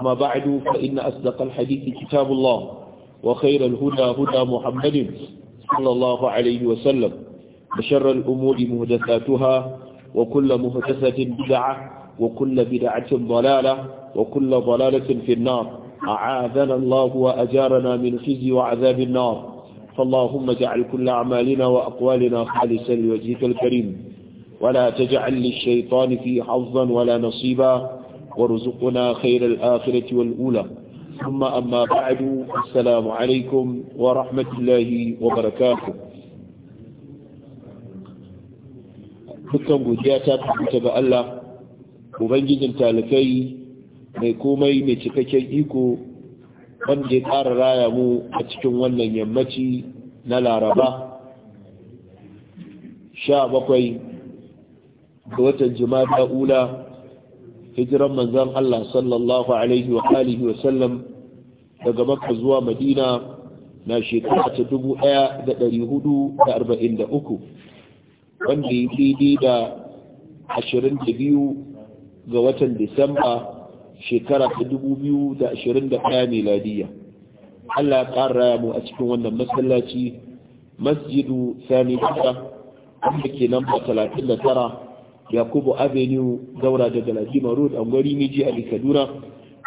أما بعد فإن أصدق الحديث كتاب الله وخير الهدى هدى محمد صلى الله عليه وسلم وشر الأمور مهدثاتها وكل مهدثة بدعة وكل بدعة ضلالة وكل ضلالة في النار أعاذنا الله وأجارنا من خزي وعذاب النار فاللهم اجعل كل أعمالنا وأقوالنا خالصا لوجهك الكريم ولا تجعل للشيطان في حظا ولا نصيبا وارزقنا خير الآخرة والأولى ثم أما بعد السلام عليكم ورحمة الله وبركاته dukkan godiya ta tabbata ga Allah ubangijin talakai mai komai mai cikakken iko wanda ya ƙara raya mu a cikin wannan yammaci na laraba sha bakwai ga watan jima'a ula hijiran manzan Allah sallallahu alaihi wa alihi wa sallam daga makka zuwa madina na shekara ta uku wanda ya daidai da 22 ga watan disamba shekara ta 2021 miladiya Allah ya ƙara mu a cikin wannan masallaci masjidu sani kasa wanda ke nan 39 yakubu avenue gaura da galadima road a gwari miji a kaduna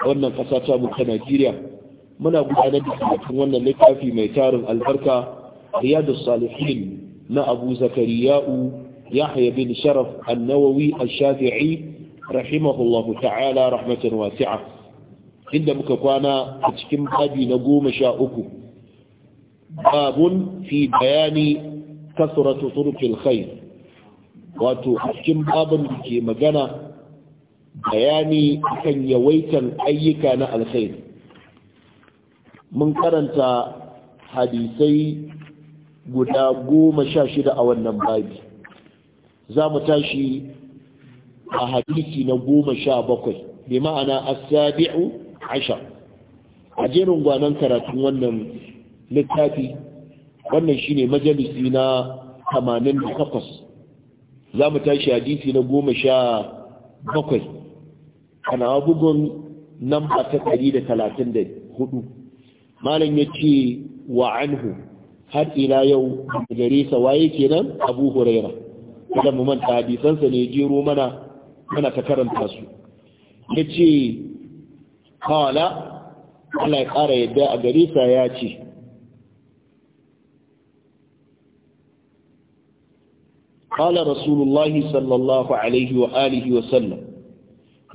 wannan ƙasa ta mu ta najeriya muna gudanar da karatun wannan littafi mai tarin albarka riyadu salihin na abu zakariya'u yahya bin sharaf annawawi al-shafi'i rahimahullahu ta'ala rahmatan wasi'a inda muka kwana a cikin babi na goma sha uku babun fi bayani kasratu turkil khair wato a cikin babin da ke magana bayani kan yawaitan ayyuka na alkhairi mun karanta hadisai guda goma sha shida a wannan babi za mu tashi a hadisi na goma sha bakwai bi ma'ana asabi'u asha a jerin gwanon karatun wannan littafi wannan shine majalisi na 88 za mu tashi hadisi na goma sha bakwai ana bugun namba ta ɗari da talatin da hudu malam ya ce wa anhu har ila yau gare sa waye kenan abu huraira kada mu manta hadisansa ne jero mana mana ta karanta su ya ce kawala Allah ya ƙara yadda a gare sa ya ce قال رسول الله صلى الله عليه وآله وسلم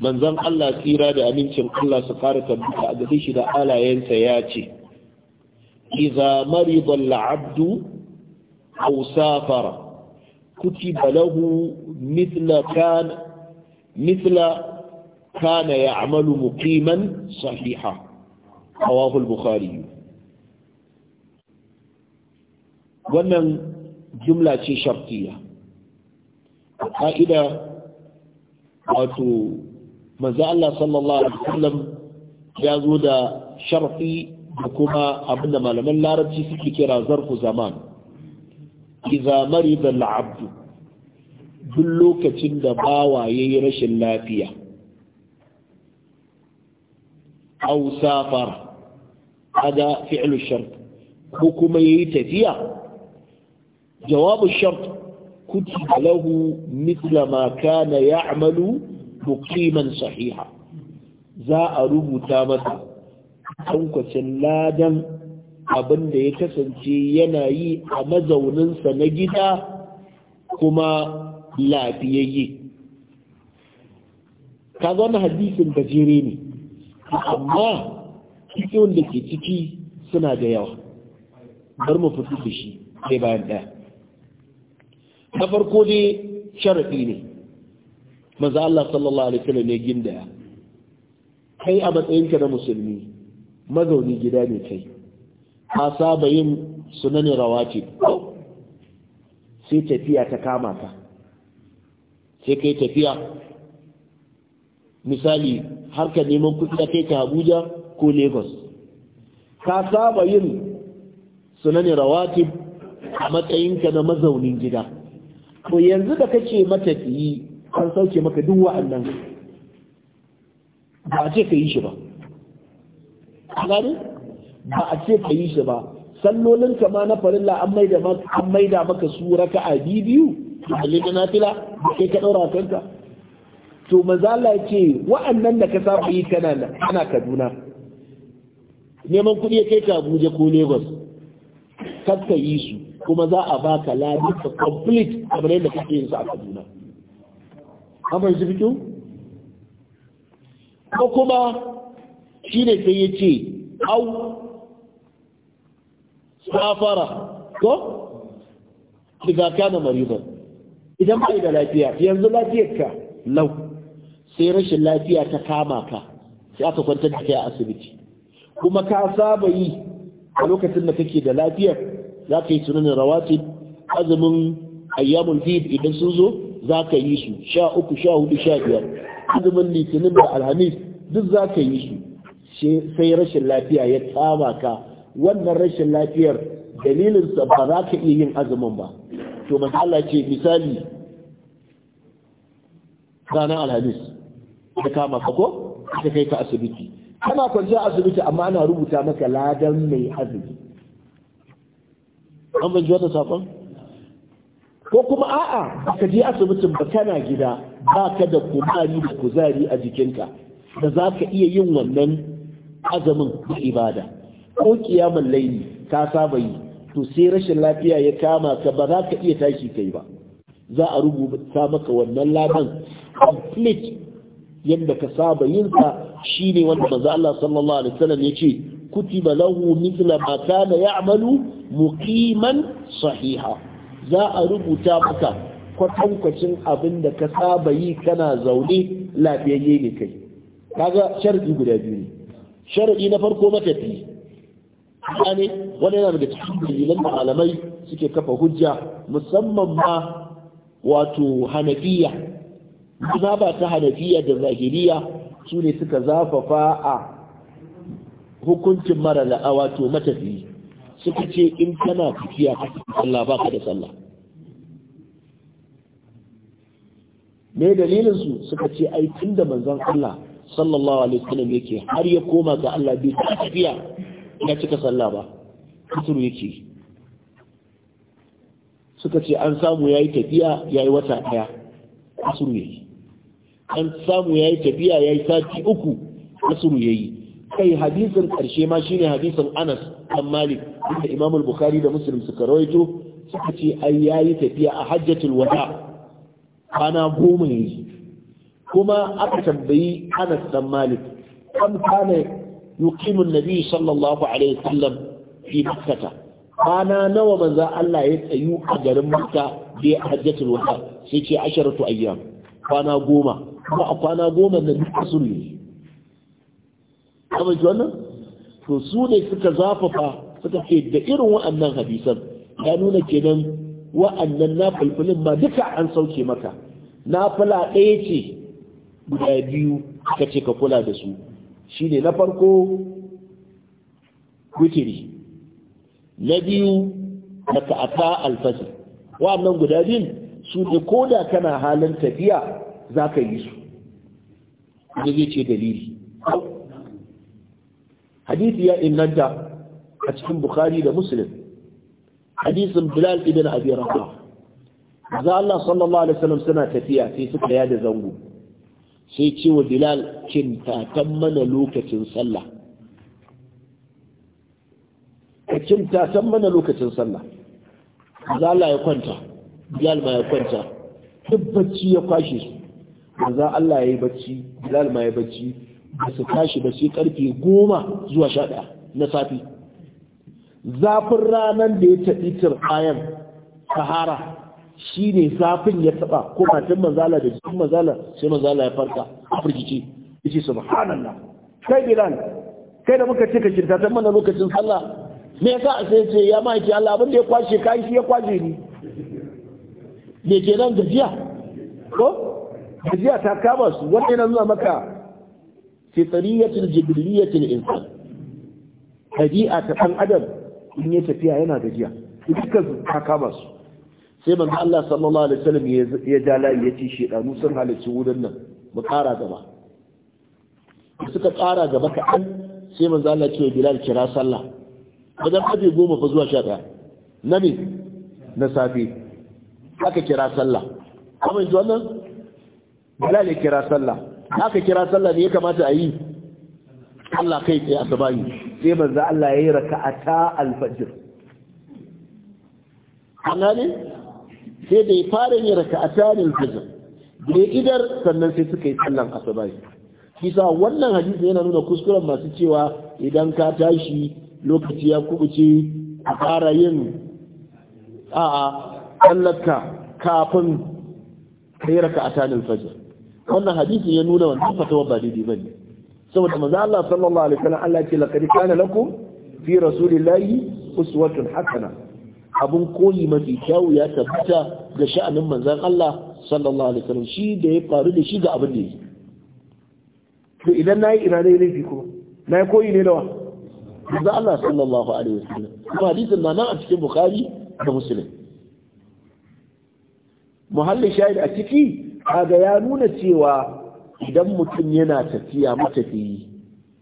من زن الله تيرا دا أمينكم الله سقارة بك أدهش دا آلا ينسياتي إذا مرض العبد أو سافر كتب له مثل كان مثل كان يعمل مقيما صحيحا رواه البخاري wannan jumla ce shartiya ka'ida wato manzo Allah sallallahu alaihi wasallam ya zo da sharfi da kuma abinda malaman larabci suke kira zarfu zaman iza marida al-abd duk lokacin da bawa yayi rashin lafiya aw safar hada fi'lu shart ko kuma yayi tafiya jawabu shart كتب له مثل ما كان يعمل مقيما صحيحا za a rubuta masa tankwacin ladan abin da ya kasance yana yi a mazauninsa na gida kuma lafiyayye ka na hadisin gajere ne amma cikin da ke ciki suna da yawa bar mu fito da shi sai bayan ɗaya na farko dai sharafi ne maza Allah sallallahu alaihi wasallam ne gindaya kai a matsayinka na musulmi mazauni gida ne kai ka saba yin sunan rawati sai tafiya ta kama ka sai kai tafiya misali har ka neman kudi kai ka Abuja ko Lagos ka saba yin sunan rawati a matsayinka na mazaunin gida to yanzu da kace yi kan sauke maka duk wa'annan ba a ce ka yi shi ba gani ba a ce ka yi shi ba sallolin ka ma na farilla an maida maka an maida maka su a biyu halin da nafila kai ka daura kanka to manzo Allah ce wa'annan da ka saba yi kana kana Kaduna neman kuɗi kai ka Abuja ko Lagos kakka yi su kuma za a baka ladi ka complete kamar yadda kake yin sa a Kaduna an fahimci ko kuma shi ne sai ya ce au safara ko daga kana mariban idan ba da lafiya yanzu lafiyar ka lau sai rashin lafiya ta kama ka sai aka kwantar da kai a asibiti kuma ka saba yi a lokacin da kake da lafiyar za ka yi sunanin rawatib azumin ayyamun bid idan sun zo za ka yi su sha uku sha hudu sha biyar azumin litinin da alhamis duk za ka yi su sai rashin lafiya ya tsama ka wannan rashin lafiyar dalilinsa ba za ka iya yin azumin ba to matsala ce misali ranar alhamis ta kama ka ko ta kai ka asibiti kana kwanciya asibiti amma ana rubuta maka ladan mai azumi an ban ji wata sakon ko kuma a'a ka je asibitin ba kana gida ba ka da kumari da kuzari a jikinka da za ka iya yin wannan azamin da ibada ko kiyamun laili ka saba yi to sai rashin lafiya ya kama ka ba za ka iya tashi kai ba za a rubuta maka wannan laban complete yadda ka saba yin sa shine wanda manzo Allah sallallahu alaihi wasallam ya ce kutiba lahu mithla ma kana Manu muƙiman sahiha za a rubuta maka kwatankwacin abin da ka saba yi kana zaune lafiyayye ne kai kaga sharadi guda biyu ne sharadi na farko matafi ne wani yana daga cikin dalilan da malamai suke kafa hujja musamman ma wato hanafiya ba ta hanafiya da zahiriya su ne suka zafafa a hukuncin mara la'awa to matafiyi suka ce in kana tafiya a cikin sallah ba ka da sallah me dalilin su suka ce ai tunda manzon Allah sallallahu alaihi wasallam yake har ya koma ga Allah bai tafiya ya cika sallah ba kuturu yake suka ce an samu yayi tafiya yayi wata daya kuturu yake an samu yayi tafiya yayi sati uku kuturu yake kai hadisin karshe ma shine hadisin Anas dan Malik da Imam al-Bukhari da Muslim suka rawaito suka ce ai yayi tafiya a Hajjatul Wada kana goma yanzu kuma aka tambayi Anas dan Malik kam kana yuqimu an-nabi sallallahu alaihi wasallam fi Makkah kana nawa manzo Allah ya tsayu a garin Makka da Hajjatul Wada sai ce asharatu ayyam kwana goma kuma a kwana goma da duk ne kamar ji wannan to su ne suka zafafa suka ce da irin wa'annan hadisan ya nuna kenan wa'annan na fulfulin ma duka an sauke maka na fula ɗaya ce guda biyu ka ce ka kula da su Shi ne na farko witiri na biyu na ka'ata alfasi wa'annan guda biyun su ne ko da kana halin tafiya za ka yi su da zai ce dalili hadisi ya inanta a cikin bukhari da muslim hadisin bilal ibn abi rabah za Allah sallallahu alaihi wasallam suna tafiya sai suka da zango sai ce wa bilal kin ta mana lokacin sallah eh, kin tatan mana lokacin sallah za Allah ya kwanta bilal ma ya kwanta duk bacci ya kwashe su za Allah ya yi bacci bilal ma ya bacci ba su tashi ba sai karfe goma zuwa sha ɗaya na safi zafin ranar da ya taɓi tir'ayan sahara shi ne zafin ya taɓa ko matan manzala da jikin manzala sai manzala ya farka a firgice ya ce subhanallah kai bilal kai da muka ce ka shirka ta mana lokacin sallah me yasa a sai ce ya mahaifi Allah abin da ya kwashe ka shi ya kwashe ni me ke nan gajiya ko gajiya ta kama su wani yana nuna maka fitriyatul jibiliyatul insan ɗabi'a ta ɗan adam in ya tafiya yana gajiya dukkan ka kama su sai manzo Allah sallallahu alaihi wasallam ya ja layi ya ci shedanu sun halicci wurin nan mu ƙara gaba suka ƙara gaba kaɗan sai manzo Allah ce Bilal kira sallah wajen ƙarfe goma fa zuwa na na safe kira sallah wannan Bilal ya kira sallah aka kira sallah ne ya kamata a yi Allah kai tsaye sabayi sai manzo Allah ya yi raka'ata al-fajr an sai da ya fara yin raka'ata al-fajr da idar sannan sai suka yi sallan shi sa wannan hadisi yana nuna kuskuren masu cewa idan ka tashi lokaci ya kubuce a fara yin a'a sallarka kafin kai raka'ata al-fajr wannan hadisin ya nuna wannan fatawa ba daidai bane saboda manzo Allah sallallahu alaihi wasallam Allah ce laqad kana lakum fi rasulillahi uswatun hasana abun koyi mafi kyau ya tabbata ga sha'anin manzon Allah sallallahu alaihi wasallam shi da ya faru da shi ga abin da yake to idan nayi irada ne laifi kuma nayi koyi ne dawa manzon Allah sallallahu alaihi wasallam kuma hadisin nan a cikin bukhari da muslim muhallin shahid a ciki kaga ya nuna cewa idan mutum yana tafiya matafiyi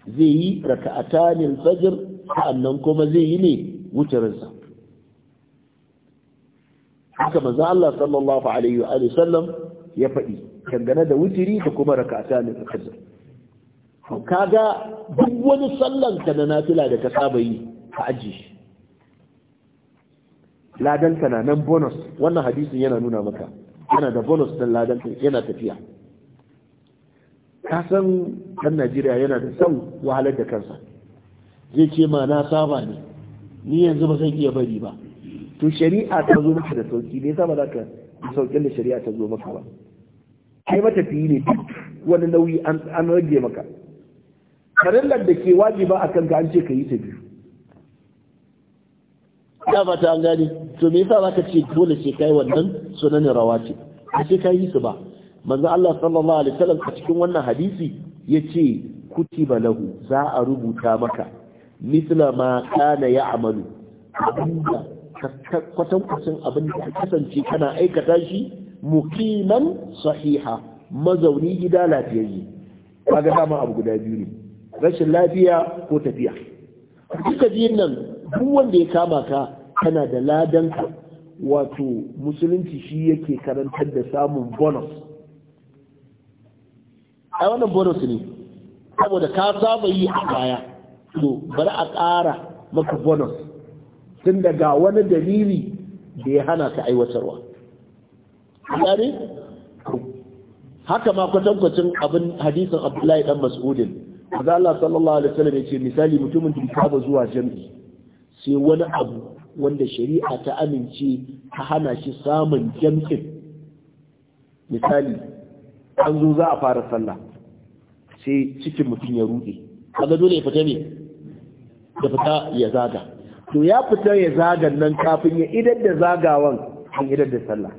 zai yi raka'atanil fajr sa'annan kuma zai yi ne wucirinsa haka manzo Allah sallallahu alaihi wa sallam ya faɗi dangane da wutiri da kuma raka'atanil fajr kaga duk wani sallan ka na nafila da ka saba yi ka aji ladan na nan bonus wannan hadisin yana nuna maka yana da bonus ɗin ladan yana tafiya kasan san ɗan najeriya yana da son wahalar da kansa zai ce ma na saba ne ni yanzu ba zan iya bari ba to shari'a ta zo maka da sauki ne sama za ka saukin da shari'a ta zo maka ba kai matafiyi ne duk wani nauyi an rage maka karillar da ke wajiba a kanka an ce ka yi ta biyu ya fata an gane to me yasa zaka ce dole sai kai wannan sunan rawati ce sai kai su ba manzo Allah sallallahu alaihi wasallam a cikin wannan hadisi yace kutiba lahu za a rubuta maka mithla ma kana ya'malu abinda kwatan kwatan abin da kasance kana aikata shi muqiman sahiha mazauni gida lafiyayye kaga dama abu guda biyu ne rashin lafiya ko tafiya duka biyun nan duk wanda ya kama ka kana da ladan wato musulunci shi yake karantar da samun bonus a wannan bonus ne saboda ka saba yi a baya to bari a ƙara maka bonus tun daga wani dalili da ya hana ka aiwatarwa yare haka ma kwatankwacin abin hadisin abdullahi dan mas'udin Allah sallallahu alaihi wasallam ya ce misali mutumin da ya zuwa jami'i sai wani abu wanda shari'a ta amince ta hana shi samun jam'in misali an zo za a fara sallah sai cikin mutum ya rude kaga dole ya fita ne ya fita ya zaga to ya fita ya zaga nan kafin ya idar da zagawan an idar da sallah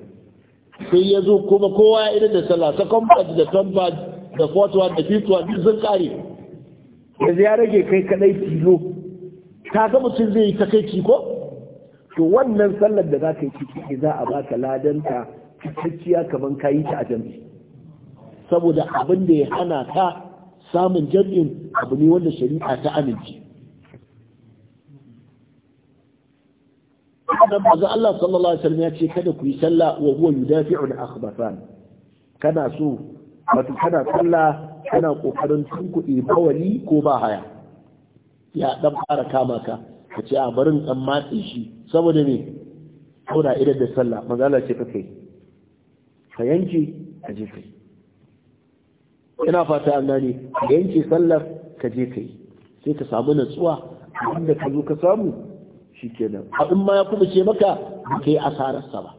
sai ya zo kuma kowa ya idar da sallah second part da third part da fourth da fifth duk sun kare yanzu ya rage kai kadai tilo ga mutum zai yi takaici ko to wannan sallar da za ka yi ciki za a baka ladanta cikakkiya kamar ka yi ta a jam'i saboda abin da ya hana ka samun jam'in abu ne wanda shari'a ta amince kada manzo Allah sallallahu alaihi wasallam ya ce kada ku yi sallah wa huwa yudafi'u al-akhbathan kana so wato kana sallah kana kokarin tunkuɗe bawali ko ba haya ya dan fara kama ka ka ce a barin dan matsi shi saboda me saboda idan da sallah manzo ce kake ka yanke ka je kai ina fata an gane ka yanke sallar ka je kai sai ka samu natsuwa inda ka zo ka samu shikenan abin ma ya kuma ce maka kai asarar sa ba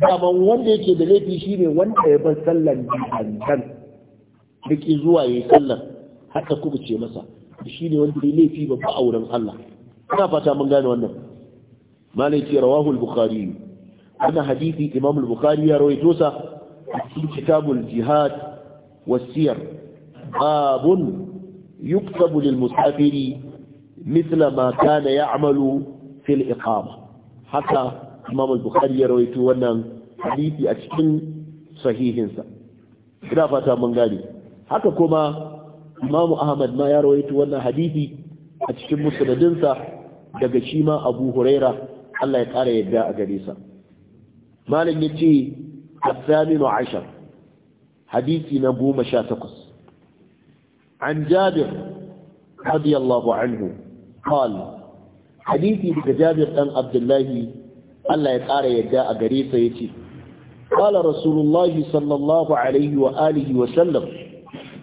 daman wanda yake da laifi shine wanda ya bar sallar dangan duki zuwa yi sallar haka kuma ce masa shine wanda ya laifi babba a wurin Allah ina fata mun gane wannan malaki rawahu al-bukhari wannan hadisi imam al-bukhari ya rawaitosa su a cikin kitabul jihad wasiyar babun yuktabu lil musafiri mithla ma kana ya'malu fil iqama haka imam al-bukhari ya rawaitu wannan hadithi a cikin sahihinsa ina fata mun gane haka kuma imam ahmad ma ya rawaito wannan hadisi a cikin musnadinsa daga shi ma abu huraira Allah ya ƙara yadda a gare sa. Malin ya ce, "Assaminu Ashar, hadisi na goma sha takwas, an jabir, radiyallahu anhu, hadisi daga jabir ɗan Abdullahi, Allah ya ƙara yadda a gare sa ya ce, "Kala Rasulullahi sallallahu Alaihi wa alihi wa sallam,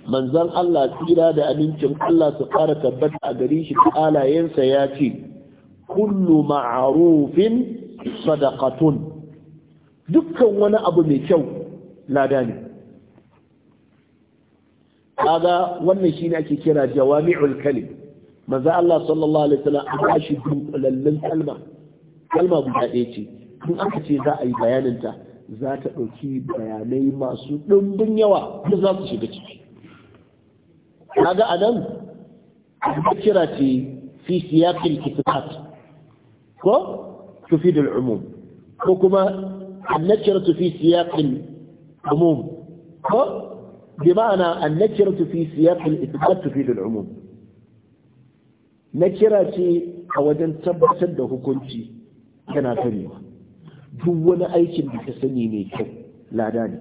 manzan Allah tsira da abincin Allah su fara tabbata a gare shi ta alayensa ya ce, kullu ma'arufin sadaqatun dukkan wani abu mai kyau lada ne kaga wannan shine ake kira jawami'ul kalim manzo Allah sallallahu alaihi wasallam an bashi dunkulallin kalma kalma guda ɗaya ce in aka ce za a yi bayanin ta za ta ɗauki bayanai masu ɗumbin yawa da za su shiga ciki kaga anan kira ce fi siyaqil kitab ko tufi da al’umum ko kuma annacciyar tufi siyakin umum ko bi ma'ana annacciyar tufi siyakin itibar tufi da al’umum na kira ce a wajen tabbatar da hukunci yana tarewa duk wani aikin da ka sani mai kyau lada ne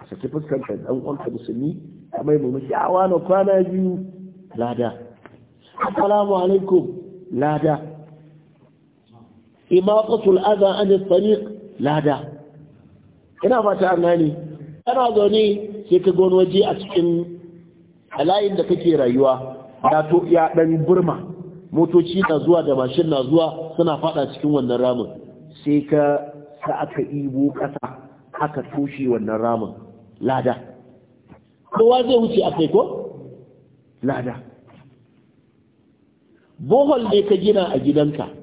a saki fuskantar ɗan ƙwanta musulmi a mai mummu kyawa kwana biyu lada assalamu alaikum lada imaqatul adha an at-tariq lada ina fata an kana zaune sai ka gano waje a cikin alayin da kake rayuwa ya to ya dan burma motoci na zuwa da mashin na zuwa suna fada cikin wannan ramin sai ka sa aka ibo kasa aka toshe wannan ramin lada kowa zai wuce akai ko lada bohol ne ka gina a gidanka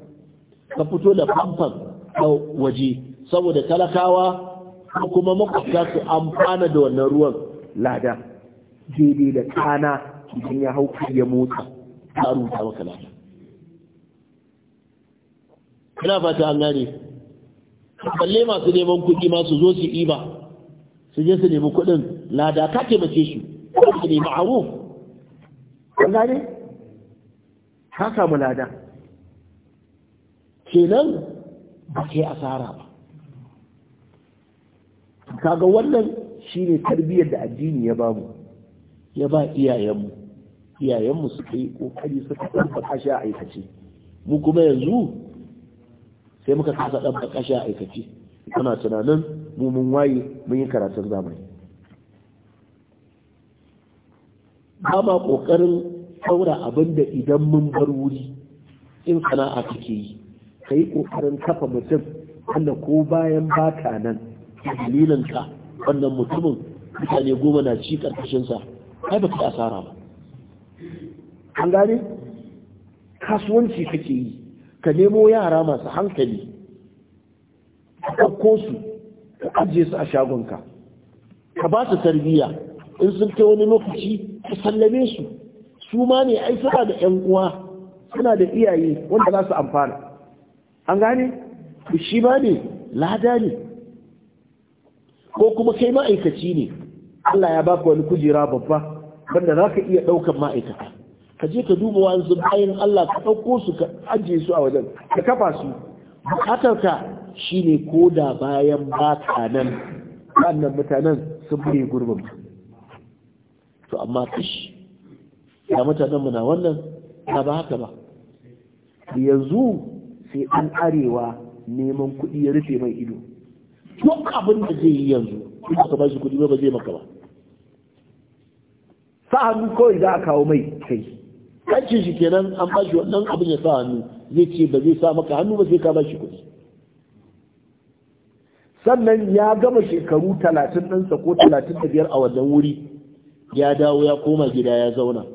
ka fito da famfan a waje saboda talakawa ko kuma makwabta su amfana da wannan ruwan lada daidai da kana idan ya hau ya motsa ta rubuta maka lada Kuna fata an gane balle masu neman kuɗi ma su zo su iba su je su nemi kuɗin lada ka taimake shi ko su nemi aro an gane ka samu lada kenan ba asara ba kaga wannan shine tarbiyyar da addini ya ba mu ya ba iyayenmu iyayenmu suka yi kokari suka tabbata shi a aikace mu kuma yanzu sai muka kasa tabbata shi a aikace kana tunanin mu mun waye mun yi karatun zamani ba ma ƙoƙarin saura abin da idan mun bar wuri in sana'a kake yi ka yi ƙoƙarin kafa mutum wanda ko bayan baka nan dalilin ka wannan mutumin mutane goma na ci ƙarƙashinsa kai ba asara ba an gane kasuwanci kake yi ka nemo yara masu hankali ka ɗauko su ka ajiye su a shagonka ka ba su tarbiyya in sun kai wani lokaci ka sallame su su ma ne ai suna da 'yan uwa suna da iyaye wanda za su amfana an gane shi ba ne lada ne ko kuma kai ma'aikaci ne Allah ya baka wani kujera babba wanda za ka iya ɗaukan ma'aikata ka je ka duba wanzu bayan Allah ka ɗauko su ka ajiye su a wajen ka kafa su bukatarka ne ko da bayan baka nan wannan mutanen sun bude gurbin to amma kashi ya mutanen mu na wannan ba haka ba yanzu sai an arewa neman kuɗi ya rufe mai ido duk abin da zai yi yanzu in ka ba shi kuɗi ba zai maka ba sa hannu kawai za a kawo mai kai kancin shi kenan an ba shi wannan abin ya sa hannu zai ce ba zai sa maka hannu ba sai ka ba shi kuɗi sannan ya gama shekaru talatin ɗinsa ko talatin da biyar a wannan wuri ya dawo ya koma gida ya zauna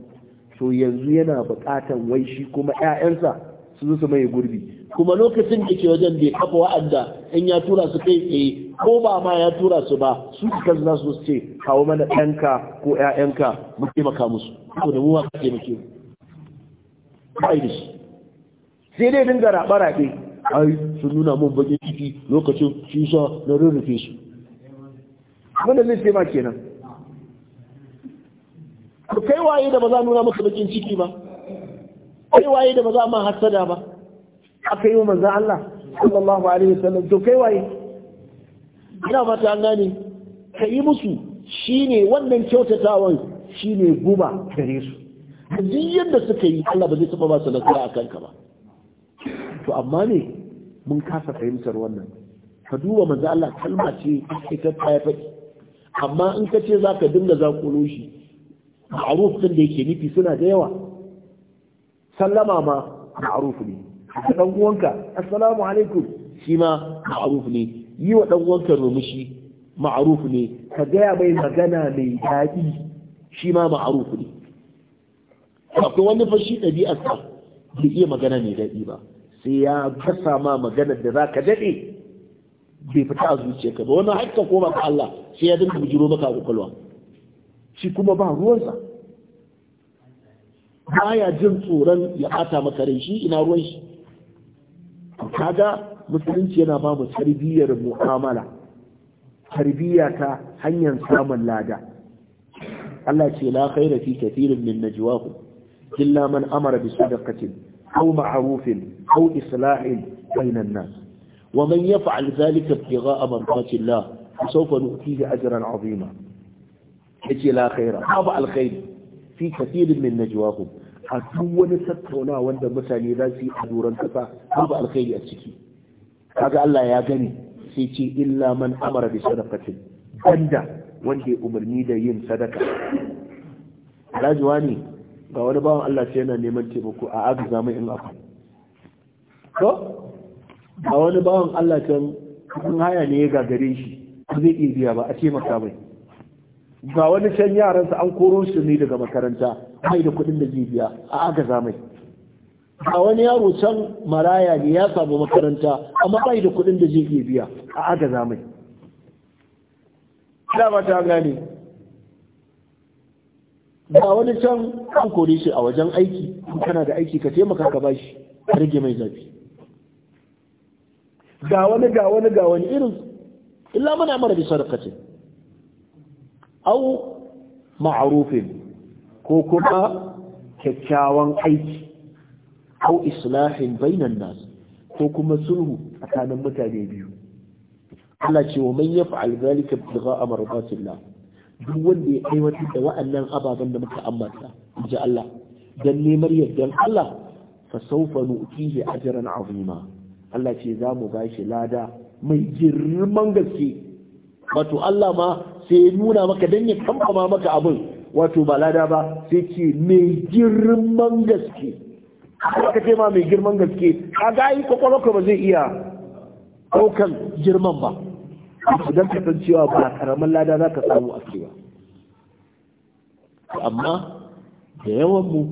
to yanzu yana buƙatan wai shi kuma 'ya'yansa su zo su mai gurbi kuma lokacin da ke wajen bai kafa wa'anda in ya tura su kai tsaye ko ba ma ya tura su ba su kan za su ce kawo mana ɗanka ko ƴaƴanka mu taimaka musu ko da mu ma ka taimake mu ba da shi sai dai dinga raɓa raɓe ai sun nuna mun bakin ciki lokacin shi sa na rurrufe su wanda da zai taimaka kenan kai waye da ba za nuna maka bakin ciki ba kai waye da ba za ma hasada ba aka yi wa manzon Allah sallallahu alaihi wasallam to kai waye ina fata an gane ka yi musu shine wannan kyautatawan shine guba gare su duk yadda suka yi Allah ba zai taba ba su nasara akan ka ba to amma ne mun kasa fahimtar wannan ka duba manzo Allah kalma ce take ta tafi amma in ka ce zaka dinga zakulo shi ma'ruf din da yake nufi suna da yawa sallama ma ma'ruf ne dan uwanka assalamu alaikum shi ma ma'ruf ne yi wa dan uwanka rumushi ma'ruf ne ka gaya mai magana mai daɗi shi ma ma'ruf ne akwai wani fashi ɗabi'ar sa bai iya magana mai daɗi ba sai ya gasa ma maganar da zaka ka daɗe bai fita a zuciyarka ba wani hakka ko ka Allah sai ya dinga bujiro maka a kwakwalwa shi kuma ba ruwansa baya jin tsoron ya bata maka rai shi ina ruwan shi kaga musulunci yana ba mu tarbiyyar mu'amala tarbiyya ta hanyar samun lada Allah ce la khaira fi kathirin min najwahum illa man amara bi sadaqatin aw ma'rufin aw islahin bainan nas wa man yaf'al dhalika ibtigha'a marḍati Allah sawfa nu'tihi ajran 'azima yace la khaira babu alkhair fi kathirin min najwahum a duk wani tattaunawa wanda mutane za su yi a doron kasa babu alkhairi a ciki kaga Allah ya gani sai ce illa man amara bi sadaqati banda wanda ya umarni da yin sadaka rajwani ga wani bawan Allah sai yana neman taimako a abu zamai in akwai ko ga wani bawan Allah can kun haya ne ya gagare shi ba zai iya biya ba a taimaka bai. ga wani can yaransa an koro su ne daga makaranta bai da kuɗin da zai biya a aka zamai Ga wani yaro can maraya ne ya samu makaranta amma bai da kuɗin da zai biya a aka zamai ina ba ta gane ga wani can an kore shi a wajen aiki kana da aiki ka taimaka ka bashi ka rage mai zafi ga wani ga wani ga wani irin illa muna mara bi sadaqatin au ma'arufin ko kuma kyakkyawan aiki au islahin bainan nas ko kuma sulhu tsakanin mutane biyu Allah ce wa man yaf'al zalika ibtigha'a mardatillah duk wanda ya aiwatar da wa'annan ababen da muka ambata ji Allah dan neman yardan Allah fa sawfa nu'tihi ajran 'azima Allah ce za mu bashi lada mai girman gaske wato Allah ma sai ya nuna maka dan ya kamfama maka abin wato ba lada ba sai ce mai girman gaske ka ce ma mai girman gaske A ga yi ba zai iya ɗaukan girman ba idan ka san cewa ba karamin lada za ka samu a cewa amma da yawan mu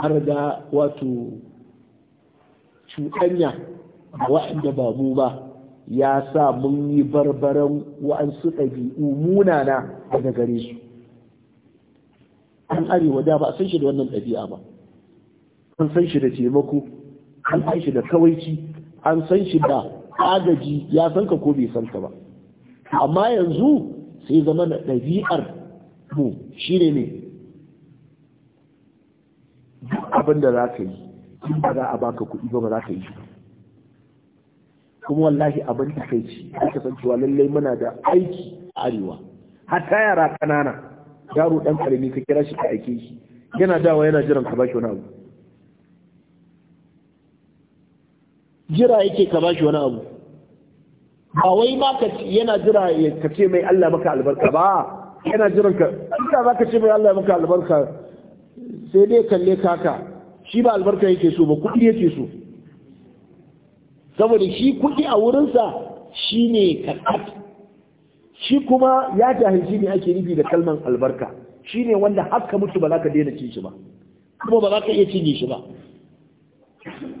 har da wato cuɗanya ba wa'anda ba mu ba ya sa mun yi barbaran wa'ansu ɗabi'u munana daga gare su an arewa da ba a san shi da wannan ɗabi'a ba an san shi da taimako an san shi da kawaici an san shi da agaji ya san ka ko bai san ka ba amma yanzu sai zama da ɗabi'ar mu shine ne duk abin da za ka yi ba za a baka kuɗi ba ba za ka yi shi kuma wallahi abin takaici aka san cewa lallai muna da aiki a arewa hatta yara kanana yaro dan karami ka kira shi ka aike shi yana dawa yana jiran ka bashi wani abu jira yake ka bashi wani abu ba wai ma ka yana jira ka ce mai Allah maka albarka ba yana jiran ka inda za ka ce mai Allah maka albarka sai dai kalle kaka shi ba albarka yake so ba kuɗi yake so saboda shi kuɗi a wurinsa shi ne kakat shi kuma ya jahilci ne ake nufi da kalman albarka shi ne wanda haka mutu ba za ka daina cin shi ba kuma ba za ka iya cinye shi ba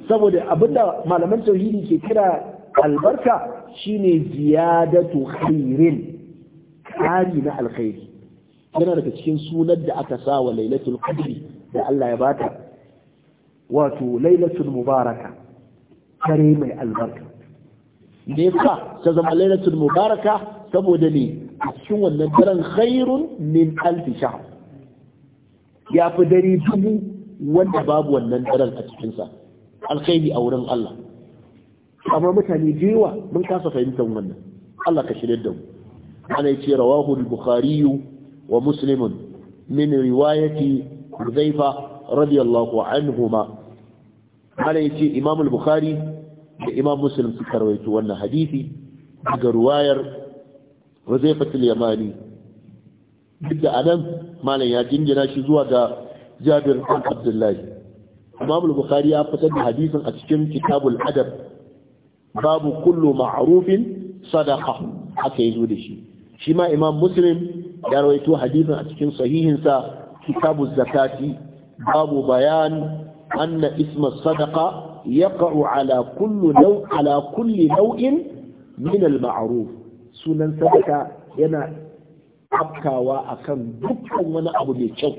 saboda abinda malaman tauhidi ke kira albarka shi ne ziyadatu khairin kari na alkhairi yana daga cikin sunan da aka sa wa lailatul qadri da Allah ya bata wato lailatul mubaraka dare mai albarka me sa ta zama lailatul mubaraka saboda ne a cikin wannan daren khairun min alfi ya fi dare dubu wanda babu wannan daren a cikinsa alkhairi a wurin Allah amma mutane da mun kasa fahimtar wannan Allah ka shirye da mu ana yace rawahu al-bukhari wa muslim min riwayati Hudhayfa radiyallahu anhuma ana yace imam al-bukhari da imam muslim suka rawaito wannan hadisi daga ruwayar wazaifatul yamani duk da anan malam ya jingina shi zuwa ga jabir ɗan abdullahi imam al-bukhari ya fitar da hadisin a cikin kitabul adab babu kullu ma'arufin sadaka. haka yazo da shi shi ma imam muslim ya rawaito hadisin a cikin sahihinsa kitabuz zakati babu bayan anna isma sadaka. yaqa'u ala kullu law ala kulli nau'in minal al sunan sadaka yana afkawa akan dukkan wani abu mai kyau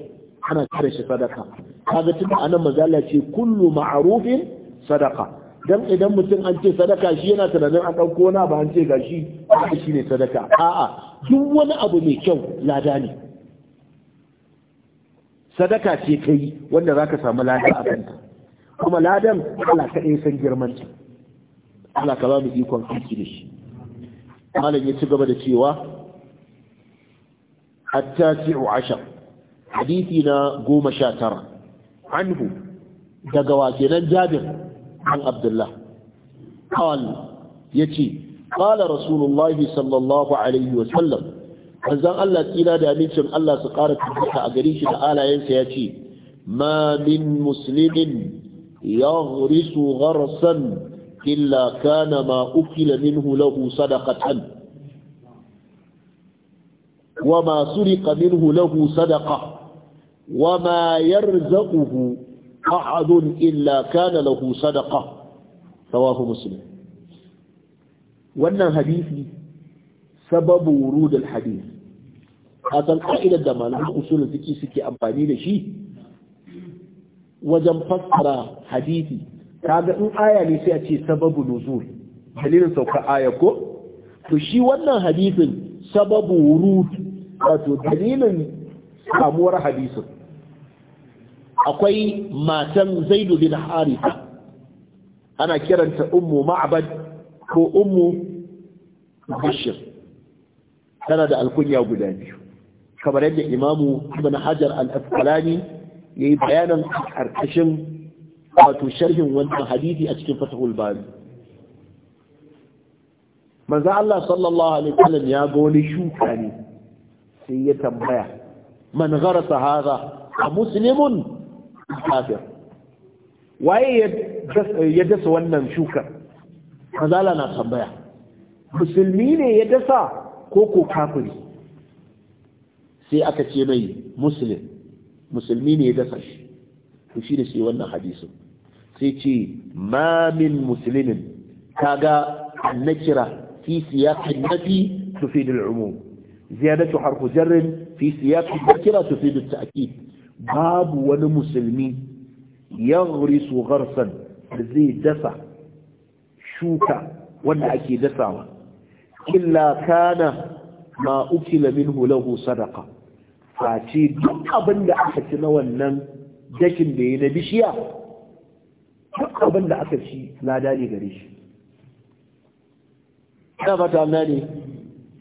ana kare shi sadaka kaga tun anan mazala ce kullu ma'rufin sadaka dan idan mutum an ce sadaka shi yana tunanin an ɗauko na ba an ce gashi shi ne sadaka a'a duk wani abu mai kyau lada ne sadaka ce yi wanda zaka samu lada a kanta kuma ladan Allah ka ɗaya san girman ta ka ba mu ikon aiki da shi malam ya ci gaba da cewa hatta ci u'ashar hadithi na goma sha tara anhu daga wake nan jabir an abdullah kawal ya ce kala rasulullahi sallallahu alaihi wasallam wanzan Allah kila da amincin Allah su ƙara tabbata a gari shi da alayensa ya ce Mamin Musulmin. يغرس غرسا إلا كان ما أكل منه له صدقة وما سرق منه له صدقة وما يرزقه أحد إلا كان له صدقة رواه مسلم wannan hadisi sababu wurudul hadis a san ka'idar da malamin usulun suke suke amfani da shi wajen fassara hadisi kaga in aya ne sai a ce sababu nuzul dalilin saukar aya ko to shi wannan hadisin sababu wurud wato dalilin samuwar hadisin akwai matan zaidu bin harisa ana kiranta ummu ma'bad ko ummu bashir tana da alkunya guda biyu kamar yadda imamu ibn hajar al-asqalani ya yi bayanan ƙarƙashin wato sharhin wannan hadisi a cikin fatahul bari manzo Allah sallallahu alaihi wasallam ya ga wani shuka ne sai ya tambaya man gharasa hadha a muslimun kafir waye ya dasa wannan shuka manzo Allah na tambaya musulmi ne ya dasa ko ko kafiri sai aka ce mai muslim musulmi ne ya dasa shi to shi da wannan hadisin sai ce ma min muslimin kaga annakira fi siyaqin nafi tufid al-umum ziyadatu harfu jar fi siyaqin nakira tufid at-ta'kid babu wani musulmi yaghrisu gharsan zai dasa shuka wanda ake dasawa illa kana ma ukila minhu lahu sadaqa face duk abin da aka ci na wannan dakin da ya na bishiya duk abin da aka ci lada ne gare shi ina fata na ne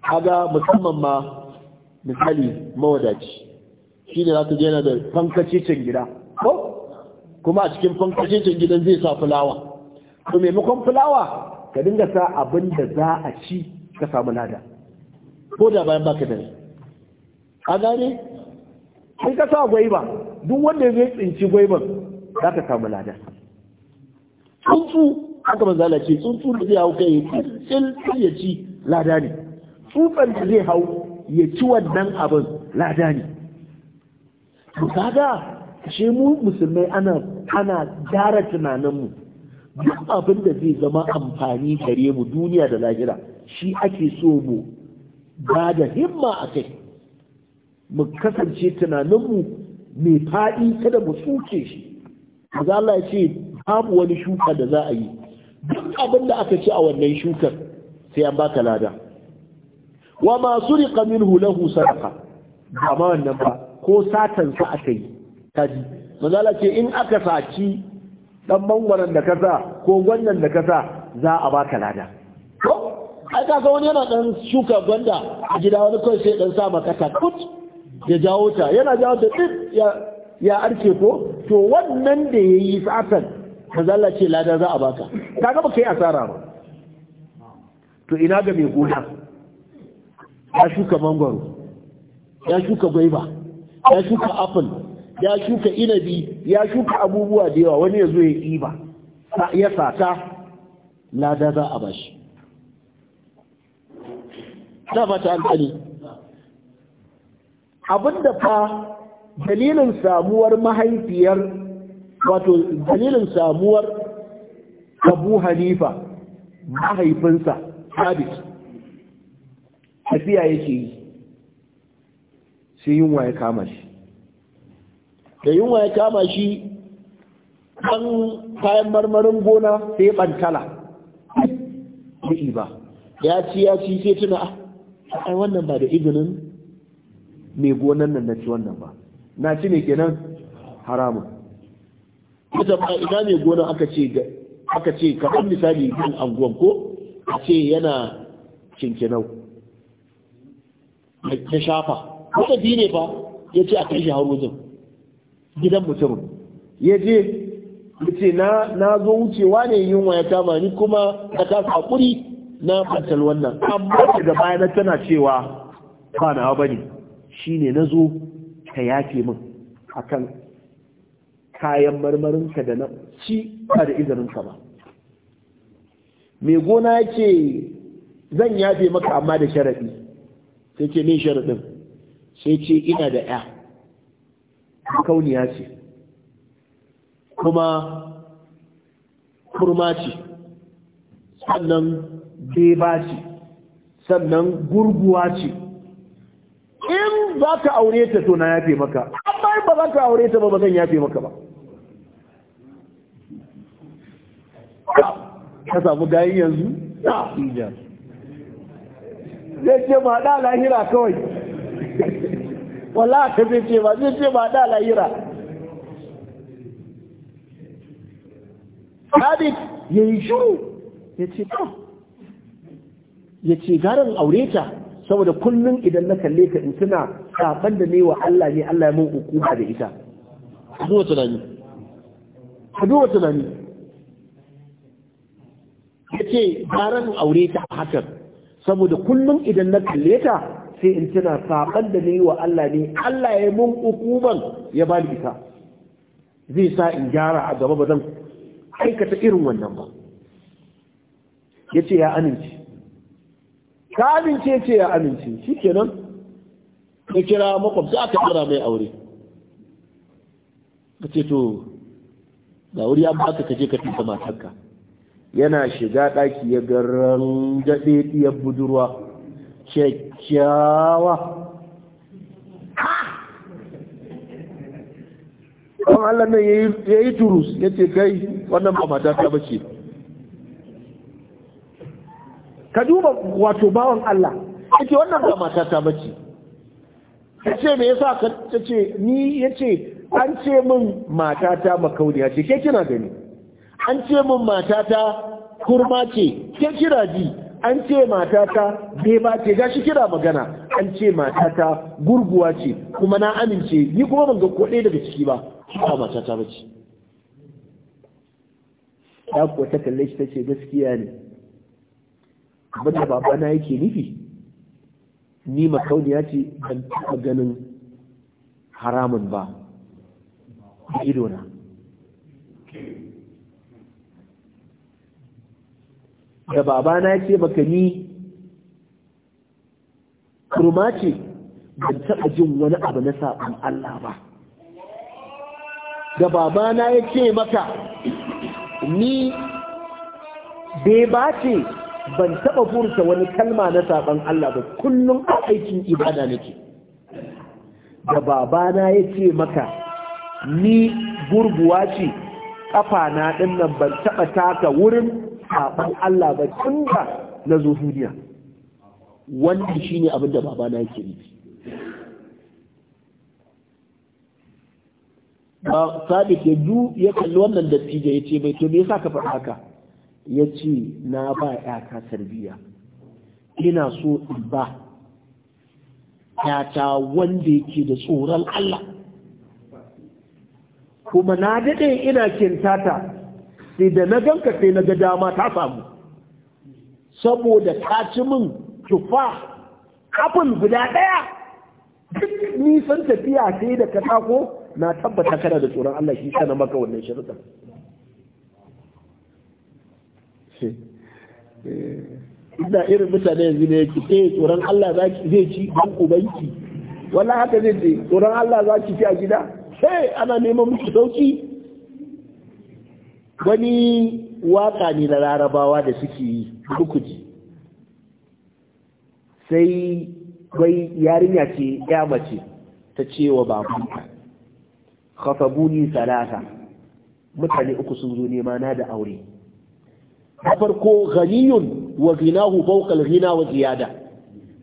haga musamman ma misali mawadaci shi ne za ta jena da fankacicin gida ko kuma a cikin fankacicin gidan zai sa fulawa to maimakon fulawa ka dinga sa abin da za a ci ka samu lada ko da bayan baka da rai A gane sai ka sa gwaiba duk wanda zai tsinci gwaiban za ka samu lada tsuntsu haka manzo ce tsuntsu da zai hau kai tsin ya ci lada ne tsutsan da zai hau ya ci wannan abin lada ne to kaga shi mu musulmai ana ana gyara tunanin mu duk abin da zai zama amfani gare mu duniya da lahira shi ake so mu ba da himma a kai mu kasance tunaninmu mai faɗi kada mu tsuke shi maza Allah ya ce babu wani shuka da za a yi duk abin da aka ci a wannan shukar sai an baka lada wa ma suriqa minhu lahu sadaqa ba ma wannan ba ko satan sa aka yi kaji maza ce in aka saci dan mangwaron da kasa ko gwannan da kasa za a baka lada ko ai ga wani yana dan shuka gwanda a gida wani kawai sai dan sa maka takut ya jawo ta yana jawo ta ɗin ya arce ko to wannan da ya yi satan ka ce lada za a baka ta gaba ka yi asara ba to ina ga mai gona ya shuka mangwaro ya shuka gwaiba ya shuka apple ya shuka inabi ya shuka abubuwa da yawa wani ya zo ya ƙiba ya sata lada za a bashi ta fata hankali. abinda fa dalilin samuwar mahaifiyar wato dalilin samuwar abu hanifa mahaifinsa sabis tafiya yake yi sai yunwa ya kama shi da yunwa ya kama shi an kayan marmarin gona sai bantala ba ya ci ya ci sai tuna a ah, wannan ba da izinin mai gonan nan na ci wannan ba na ci ne kenan haramun ita ba ina mai gona aka ce aka ce kamar misali gidan anguwan ko a ce yana cinkinau ta shafa wata bi ne fa ya ce a kai shi har wajen gidan mutumin ya je ya ce na zo wucewa ne yunwa ya kama ni kuma na kasa hakuri na fatal wannan amma daga baya na tana cewa ba na ba ne Shi ne na zo ka yafe min a kan kayan marmarinka da na ci ba da izininka ba mai gona ce zan yafe maka amma da sharaɗi sai ce min sharaɗin sai ce ina da ya kauniya ce kuma kurma ce sannan beba ce sannan gurguwa ce in zaka aure ta to na yafe maka amma ba za ka aure ta ba ba zan yafe maka ba ka samu gayi yanzu na zai ce ba da lahira kawai wala ka zai ce ba zai ce ba da lahira sabit ya yi shuru ya ce ba ya ce garin aure ta saboda kullum idan na kalle ka in tuna saban da ne wa Allah ne Allah ya mun hukuma da ita ka duba tunani ka duba tunani yace garan aure ta hakan saboda kullum idan na kalle ta sai in tuna saban da ne wa Allah ne Allah ya mun hukuman ya bani ita zai sa in gyara a gaba ba zan aikata irin wannan ba yace ya amince ka amince ce ya amince shi kenan ka kira makwabci aka kira mai aure ka ce to da wuri an baka ka je ka tuka matarka yana shiga ɗaki ya ga rangaɗe ɗiyar budurwa kyakkyawa kan Allah ne ya yi turus ya ce kai wannan ba mata ta bace ka duba wato bawan Allah yace wannan ba mata ta bace yace me yasa ka tace ni yace an ce min ta makauniya ce ke kina gani an ce min ta kurma ce ke kira ji an ce mata bai beba ce gashi kira magana an ce mata ta gurguwa ce kuma na amince ni kuma ban ga kodai daga ciki ba ba mata ta bace ya kuwa ta kalle shi tace gaskiya ne abin da babana yake nufi ni makauniya ce ban taɓa ganin haramun ba da idona da babana ya ce maka ni kurma ce ban taɓa jin wani abu na saɓon Allah ba da babana ya ce maka ni beba ce ban taɓa furta wani kalma na saban Allah ba kullum a aikin ibada nake da babana ya ce maka ni gurguwa ce na ɗin nan ban taɓa taka wurin saban Allah ba tun da na zo duniya shine abin da babana yake nufi ba sabit ya du ya kalli wannan dattijo ya ce mai to me yasa ka faɗa haka ya ce na ba ‘yata tarbiyya ina so in ba ‘yata wanda yake da tsoron Allah kuma na daɗe ina kintata sai da na ganka sai na ga dama ta samu saboda ta ci min tufa kafin guda ɗaya duk nisan tafiya sai da katako na tabbata kana da tsoron Allah shi sanar maka wannan shirka ce eh, ina irin mutane yanzu ne ki ce tsoron Allah zai ci ban ubanki wallahi haka zai ce tsoron Allah za ki ci a gida sai ana neman miki sauki wani waka ne na larabawa da suke yi rukuji sai wai yarinya ce ya mace ta ce wa babanta khafabuni salasa. mutane uku sun zo nema na da aure na farko ghaniyun wa zinahu fawqa al wa ziyada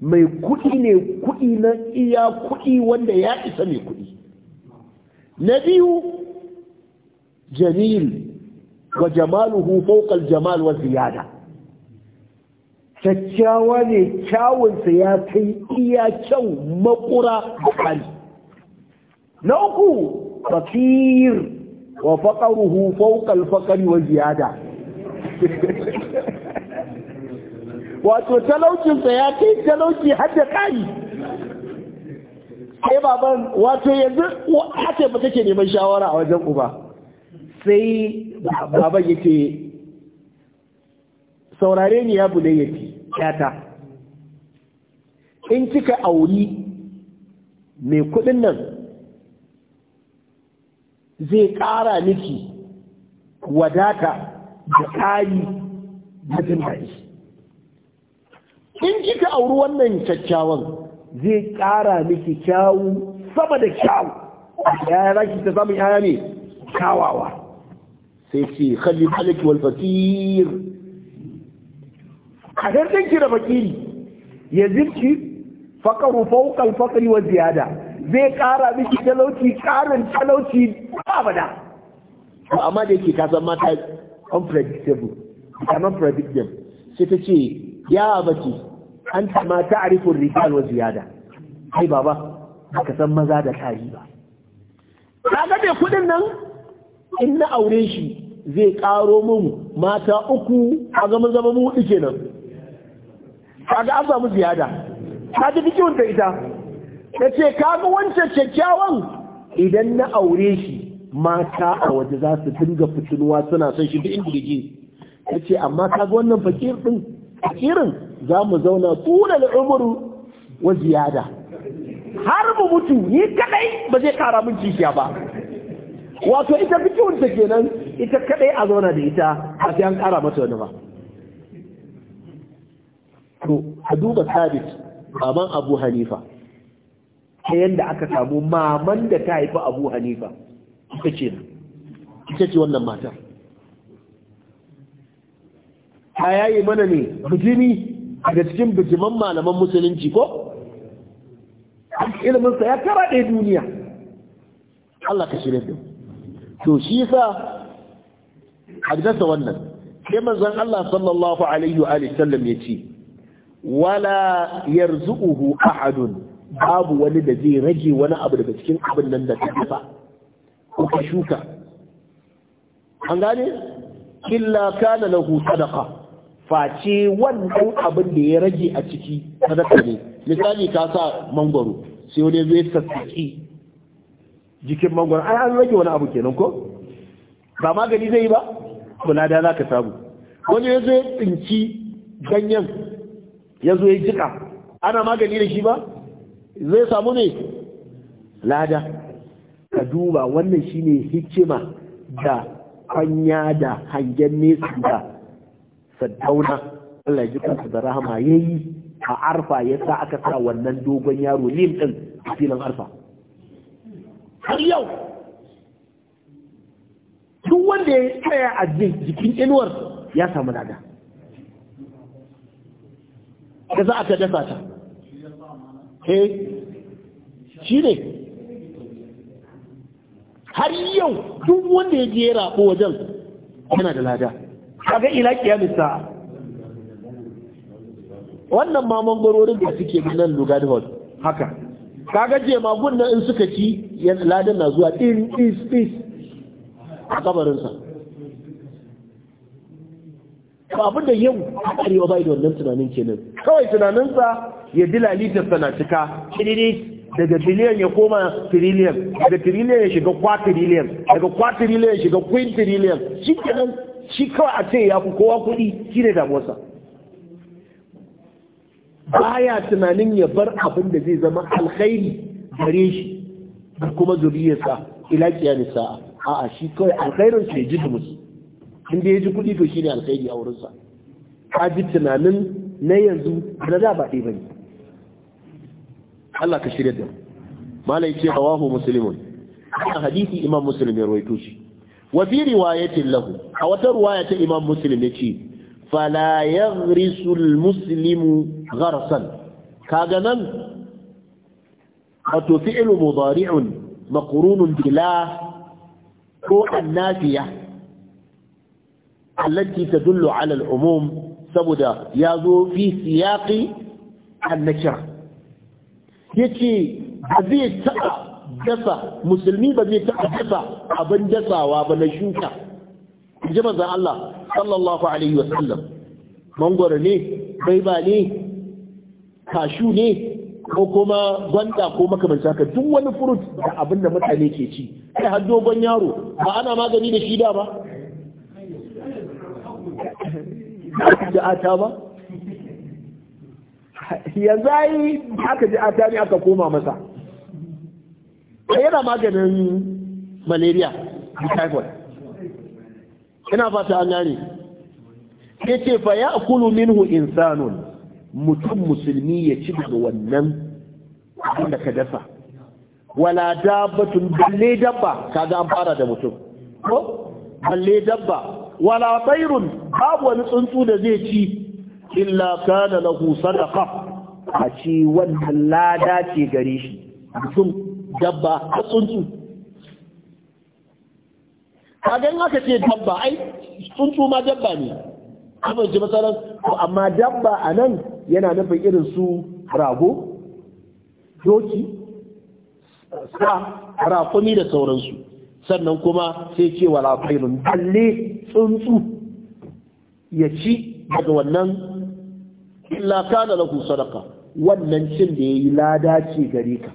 mai kuɗi ne kuɗi na iya kuɗi wanda ya isa mai kuɗi na biyu jamil wa jamaluhu fawqa al-jamal wa ziyada kyakkyawa ne kyawunsa ya kai iya kyau makura bukari na uku fakir wa faƙaruhu fawqa al wa ziyada wato talaucinsa ya kai talauci har da ƙari sai baban wato yanzu haka ba take neman shawara a wajen uba sai baban yake saurare ni ya ya yafi yata in kika auri mai kudin nan zai ƙara miki wadata da tsari na jin in kika auri wannan kyakkyawan zai ƙara miki kyawu sama da kyawu ya raki ta samun yaya ne kawawa sai ce kalli maliki wal fakir a dandan ki da fakiri ya zirki faƙaru fauƙal faƙari wa ziyada zai ƙara miki talauci ƙarin talauci ba abada amma da yake kasan mata unpredictable you cannot predict them sai ta ce ya abaki an ma ta'rifur rijal wa ziyada ai baba baka san maza da tari ba kaga me kudin nan in na aure shi zai karo mun mata uku a zama zama mu hudu kenan kaga an samu ziyada ta ji biki ta ita ta ce kaga wancan kyakkyawan idan na aure shi mata a waje za su dinga fitinuwa suna son shi duk inda yake ta ce amma ka ga wannan fakir din fakirin za mu zauna tuna da umaru wa ziyada har mu mutu ni kadai ba zai kara min kishiya ba wato ita fikirun ta kenan ita kadai a zauna da ita a sai an kara mata wani ba to a duba sabit baban abu hanifa ta yadda aka samu maman da ta haifi abu hanifa ita ce na, ita ce wannan matar ta yayi mana ne bijimi daga cikin bijiman malaman musulunci ko ilminsa ya ɗaya duniya Allah ka shirya da to shi yasa haddasa wannan sai manzon Allah sallallahu alaihi wa sallam ya ce wala a ahadun babu wani da zai rage wani abu daga cikin abin nan da ta dafa ko ka shuka an gane illa kana lahu sadaqa face wannan abin da ya rage a ciki sadaka ne misali ka sa mangwaro sai wani zai sassaki jikin mangwaro ai an rage wani abu kenan ko ba magani zai yi ba kula da za ka samu wani ya zo ya tsinci ganyen ya zo ya jika ana magani da shi ba zai samu ne lada ka duba wannan shine hikima da hanya da hangen nesa da saddauna Allah ji kansa da rahama yi a arfa ya sa aka sa wannan dogon yaro lim ɗin a filin arfa har yau duk wanda ya tsaya a jikin inuwar ya samu dada da za a ta dasa ta eh shi ne har yau duk wanda ya je rabo wajen yana da lada kaga ila kiyamisa wannan ma mangwarorin da suke nan lugard hall haka kaga jemagun nan in suka ci ladan na zuwa ɗin is is a kabarinsa ba abin da yau a bai da wannan tunanin kenan kawai tunaninsa ya ji lalitarsa sana cika ɗiɗiɗi daga biliyan ya koma tiriliyan daga tiriliyan ya shiga kwatiriliyan daga kwatiriliyan ya shiga kwintiriliyan shi kenan shi kawai a ce ya fi kowa kuɗi shi ne damuwarsa baya tunanin ya bar abin da zai zama alkhairi gare shi da kuma zuriyarsa ila kiyamis sa'a a'a shi kawai alkhairin ya ji musu inda ya ji kuɗi to shi ne alkhairi a wurinsa ka ji tunanin na yanzu da da ba ɗaya bane Allah ka shirya da malai ce rawahu muslimun a hadisi imam muslim ya rawaito shi wa fi riwayatin lahu a wata riwaya ta imam muslim yace fala yaghrisu almuslimu gharsan kaga nan wato fi'lu mudari'un maqrunun bila ko annafiya allati ta ala al-umum saboda yazo fi siyaqi an yace ba zai taɓa dasa musulmi ba zai taɓa dasa abin dasawa ba na shuka ji manzan Allah sallallahu alaihi wa sallam mangoro ne baiba ne kashu ne ko kuma gwanda ko makamanci haka duk wani furut da abin da mutane ke ci kai har dogon yaro ba ana magani da shi da ba da ata ba ya zai aka ji atani aka koma masa yana maganin malaria typhoid ina fata an gane ce fa ya kulu minhu insanun mutum musulmi ya ci daga wannan abin da ka dasa wala dabbatun balle dabba ga an fara da mutum ko balle dabba wala bairun babu wani tsuntsu da zai ci illa kana lahu sadaqa a ce wannan lada ce gare shi mutum dabba a tsuntsu kagan aka ce dabba ai tsuntsu ma dabba ne kuma ji matsalar amma dabba a nan yana nufin irin su rago doki sa rakumi da sauransu sannan kuma sai ce wala failun balle tsuntsu ya ci daga wannan illa kana lahu sadaqa wannan cin da yayi lada ce gare ka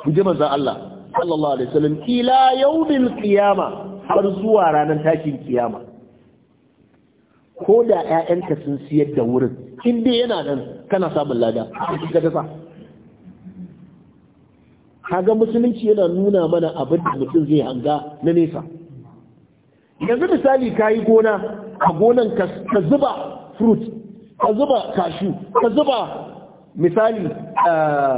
kuje manzo Allah sallallahu alaihi wasallam ila yawmil qiyama har zuwa ranar tashin kiyama ko da ƴaƴanka sun siyar da wurin in dai yana nan kana samun lada kaga kaga musulunci yana nuna mana abin da mutum zai hanga na nesa yanzu misali kayi gona a gonan ka zuba fruit ka zuba kashu ka zuba misali eh,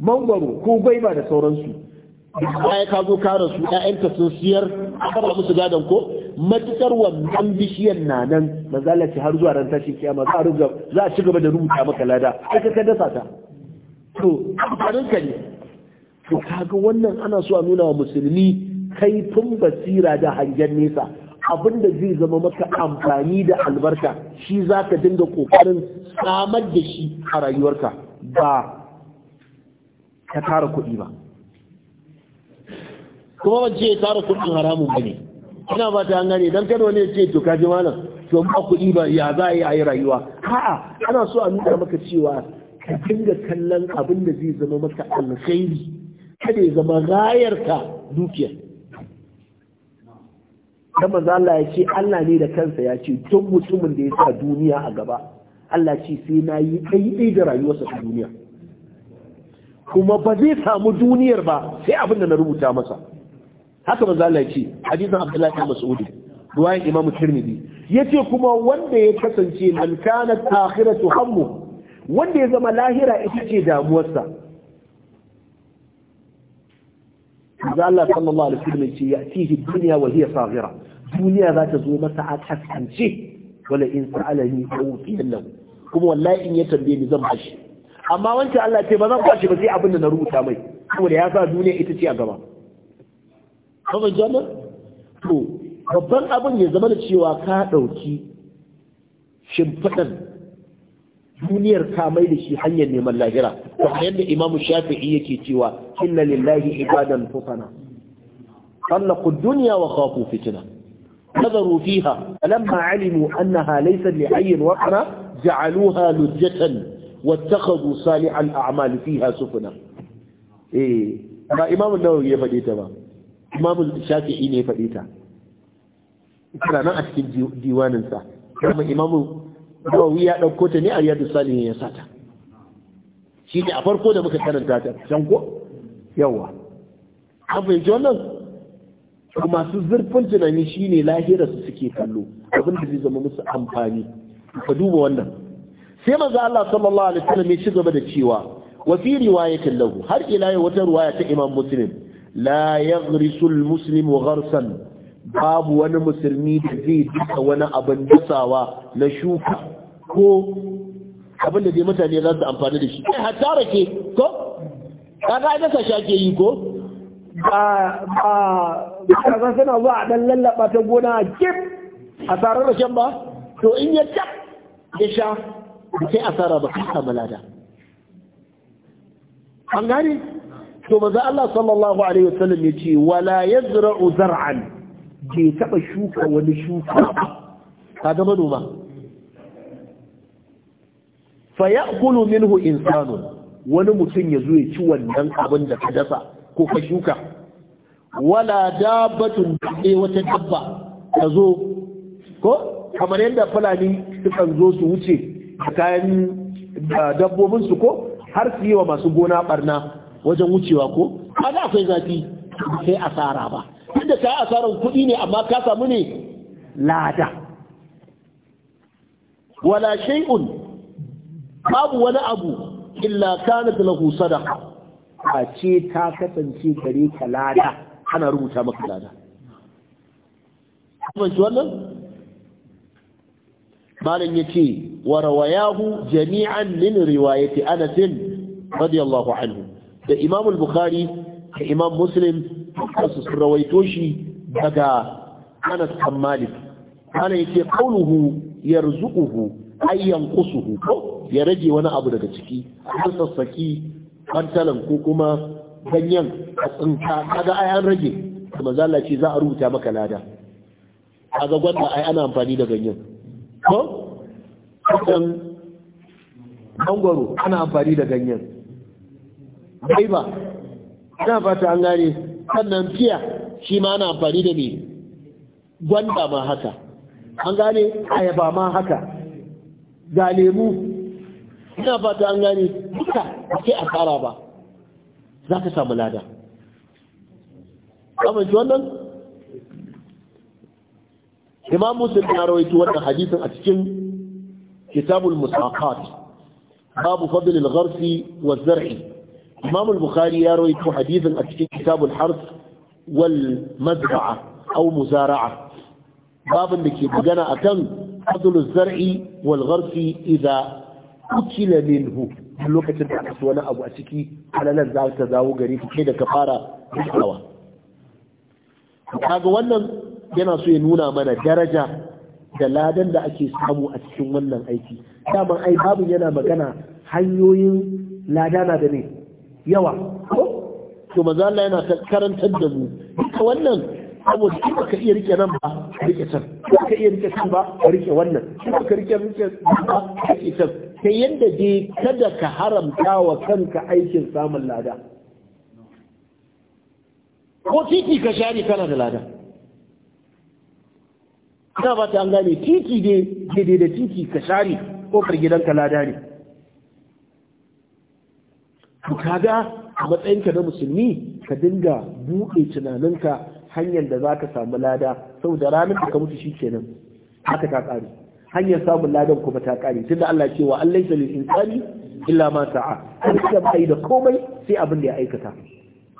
mangwaro ko gwaiba da sauransu ya ka zo kara su ƴaƴanka sun siyar a ba musu gadon ko matukar wannan bishiyan na nan da ce har zuwa ran tashi kiyama za a rubuta za ci gaba da rubuta maka lada ai ka dasa ta to amfanin ka ne to kaga wannan ana so a nuna wa musulmi kaifin basira da hangen nesa abin da zai zama maka amfani da albarka shi za ka dinga ƙoƙarin samar da shi a rayuwarka ba ka tara kuɗi ba kuma ban ce tara kuɗin haramun ba ne ina ba ta hangare don kada wani ya ce to kaji malam to ba kuɗi ba ya za a yi a yi rayuwa a'a ana so a nuna maka cewa ka dinga kallon abin da zai zama maka alkhairi kada ya zama rayarka dukiyar dan manzo Allah yake Allah ne da kansa ya ce duk mutumin da ya sa duniya a gaba Allah ce sai na yi ɗaiɗai da rayuwarsa ta duniya kuma ba zai samu duniyar ba sai abin da na rubuta masa haka manzo Allah yake hadisin Abdullahi bin Mas'ud ruwayan Imam Tirmidhi yace kuma wanda ya kasance man akhiratu hammu wanda ya zama lahira ita ce damuwarsa manzo Allah sallallahu alaihi wasallam ce duniya dunya wa hiya saghira duniya za ta zo masa a kaskance wala in sa'alani awfiyan lahu kuma wallahi in ya tambaye ni zan bashi amma wancan Allah ce ba zan bashi ba sai abin da na rubuta mai saboda ya sa duniya ita ce a gaba kuma jama to babban abin ya zama da cewa ka dauki shimfidan duniyar kamai da shi hanyar neman lahira ko yadda imamu shafi'i yake cewa inna lillahi ibadan fufana sallaku dunya wa khafu fitna nazaru fiha lamma alimu annaha laysa li ayyin waqra ja'aluha lujjatan wattakhadhu salihan a'mal fiha sufna eh, ba imamu ya fadi ta ba imamu shafi'i ne ya fadi ta kana a cikin diwanin nawawi ya ɗauko ta ne a yadda salihin ya sata shi ne a farko da muka karanta ta can ko yawa an fahimci wannan masu zurfin tunani shi ne lahira su suke kallo abin da zai zama musu amfani ka duba wannan sai maza Allah sallallahu alaihi wasallam ya ci gaba da cewa wa fi riwayatin lahu har ila wata riwaya ta Imam Muslim la yaghrisul muslimu gharsan babu wani musulmi da zai duka wani abin dasawa na shuka ko abin da zai mutane za su amfani da shi kai hatta ke, ko kaga ai dasa shake yi ko ba ba kaga suna zuwa dan lallaba ta gona a kip a tsarar rashin ba to in ya tap ya sha da kai asara ba kai samu lada an gane to maza Allah sallallahu alaihi wasallam ya ce wala yazra'u zar'an bai taba shuka wani shuka ka ga manoma fa ya'kulu minhu Insanu wani mutum ya zo ya ci wannan abin da ka dasa ko ka shuka wala dabbatun da wata dabba ka zo ko kamar yadda fulani sukan zo su wuce kayan dabbobin su ko har su yi wa masu gona barna wajen wucewa ko kaga akwai zafi sai asara ba duk da ka asarar kuɗi ne amma ka samu ne lada wala shay'un babu wani abu illa da lahu sadaqa a ce ta kasance gare ka lada ana rubuta maka lada kuma ji wannan malam yace wa rawayahu jami'an min riwayati anas radiyallahu anhu da imam al-bukhari da imam muslim dukkansu sun rawaito shi daga Anas bin Malik ana yake qauluhu yarzuquhu ay yanqusuhu ko ya rage wani abu daga ciki har sassaki kantalan ko kuma ganyen a tsinka kaga ai an rage kuma zalla ce za a rubuta maka lada kaga gwanda ai ana amfani da ganyen ko kan ana amfani da ganyen bai ba ina fata an gane sannan fiya shi ma ana amfani da ne gwanda ma haka an gane ayaba ma haka ga lemu ina fata an gane duka ke a tsara ba za ka samu lada amince wannan imam musul ya rawaito wannan hadisin a cikin kitabul musaqat babu fadl gharfi wa zar'i Imam al-Bukhari ya rawaito hadisin a cikin kitabun Harth wal Mazra'a aw babin da ke magana akan fadlu zar'i wal gharfi idza ukila minhu lokacin da aka wani abu a ciki halalan za ta zawo gari ke da ka fara dukawa kaga wannan yana so ya nuna mana daraja da ladan da ake samu a cikin wannan aiki daman ai babin yana magana hanyoyin lada na da ne yawa to maza Allah yana karantar da mu duka wannan shi ba ka iya rike nan ba rike can ka iya rike can ba rike wannan ba ka rike rike ba rike can sai yanda dai kada ka haramta wa kanka aikin samun lada ko titi ka share kana da lada ina ba ta an gane titi dai daidai da titi ka share ko kar gidanka lada ne to kaga a matsayinka na musulmi ka dinga buɗe tunaninka hanyar da za ka samu lada saboda ranar da ka mutu shi kenan haka ta ƙare hanyar samun ladan kuma ta ƙare tunda Allah ce wa Allah lil insani illa ma sa'a har ka bai da komai sai abin da ya aikata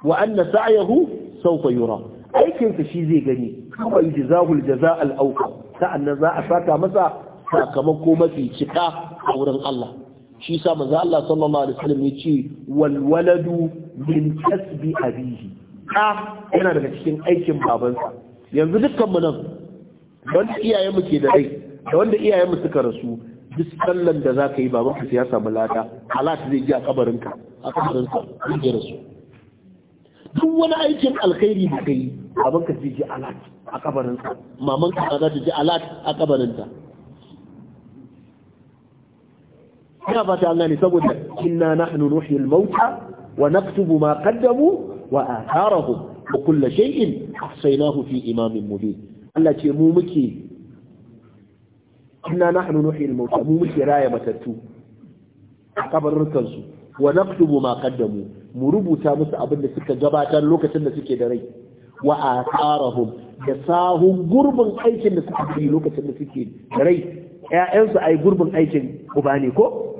wa anna sa'yahu sawfa yura aikin sa shi zai gani kuma yujzahul jaza'al awqa sa'annan za a saka masa sakamako mafi cika a wurin Allah shi sa manzo Allah sallallahu alaihi wasallam yace wal waladu min kasbi abihi ka yana daga cikin aikin babansa yanzu dukkan mu nan wanda iyayenmu ke da rai da wanda iyayenmu suka rasu duk sallan da zaka yi baban ka ya samu lada halat zai ji a ka a kabarinka zai rasu duk wani aikin alkhairi da kai baban ka zai ji alat a ka maman ka za ta ji alat a ta ina fata an gane saboda inna nahnu al mauta wa naktubu ma qaddamu wa atharahum wa kullu shay'in ahsaynahu fi imamin mubin Allah ce mu muke inna nahnu al mauta mu muke raya matattu a kabarurkan su wa naktubu ma qaddamu mu rubuta musu abin da suka gabatar lokacin da suke da rai wa atharahum da sahun gurbin aikin da suka yi lokacin da suke da rai ƴaƴansu ayi gurbin aikin uba ne ko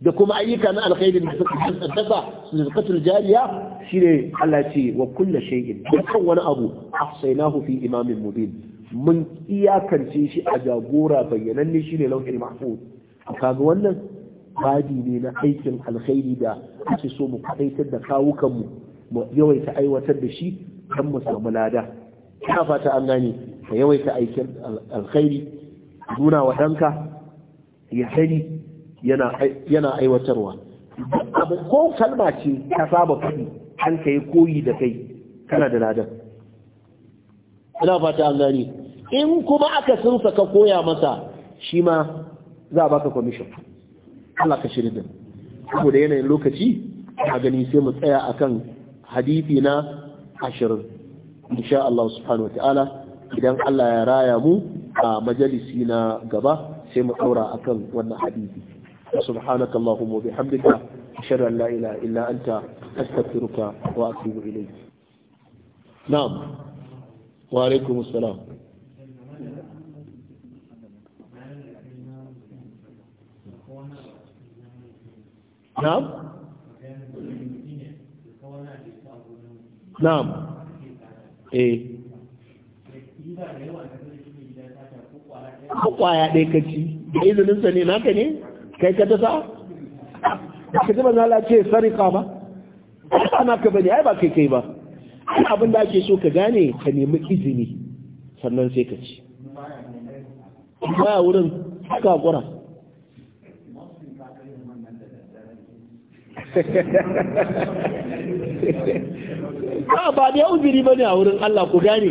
da kuma ayyuka na alkhairi da suka tsaddaka zakatul jariya shine Allah ce wa kulla shay'in dukkan wani abu ahsaynahu fi imamin mubin mun iyakance shi a jagora bayyananne shine lauhil mahfuz kaga wannan badi ne na aikin alkhairi da ake so mu kaitar da kawukan mu mu yawaita aiwatar da shi dan mu samu lada ina fata an gane ka yawaita aikin alkhairi nuna wa ɗanka ya sani yana aiwatarwa ko kalma ce ka saba faɗi an ka yi koyi da kai kana da ladan ina fata an gani in kuma aka sinsa ka koya masa shi ma za a baka kwamishin Allah ka shirin da saboda yanayin lokaci a gani sai mu tsaya akan hadithi na ashirin insha Allah subhanahu wa ta'ala idan Allah ya raya mu a majalisi na gaba sai mu daura akan wannan hadisi subhanaka allahumma wa bihamdika ashhadu an la ilaha illa anta astaghfiruka wa atubu ilayk na'am wa alaikumus Na'am. Na'am. نعم eh. ايه ko kwaya ɗaya ka ci da izinin sa ne naka ne kai ka dasa ka ji manzala ce sarika ba ana ka bane ai ba kai kai ba abin da ake so ka gane ka nemi izini sannan sai ka ci baya wurin haka gura ba ba da ba ne a wurin Allah ku gane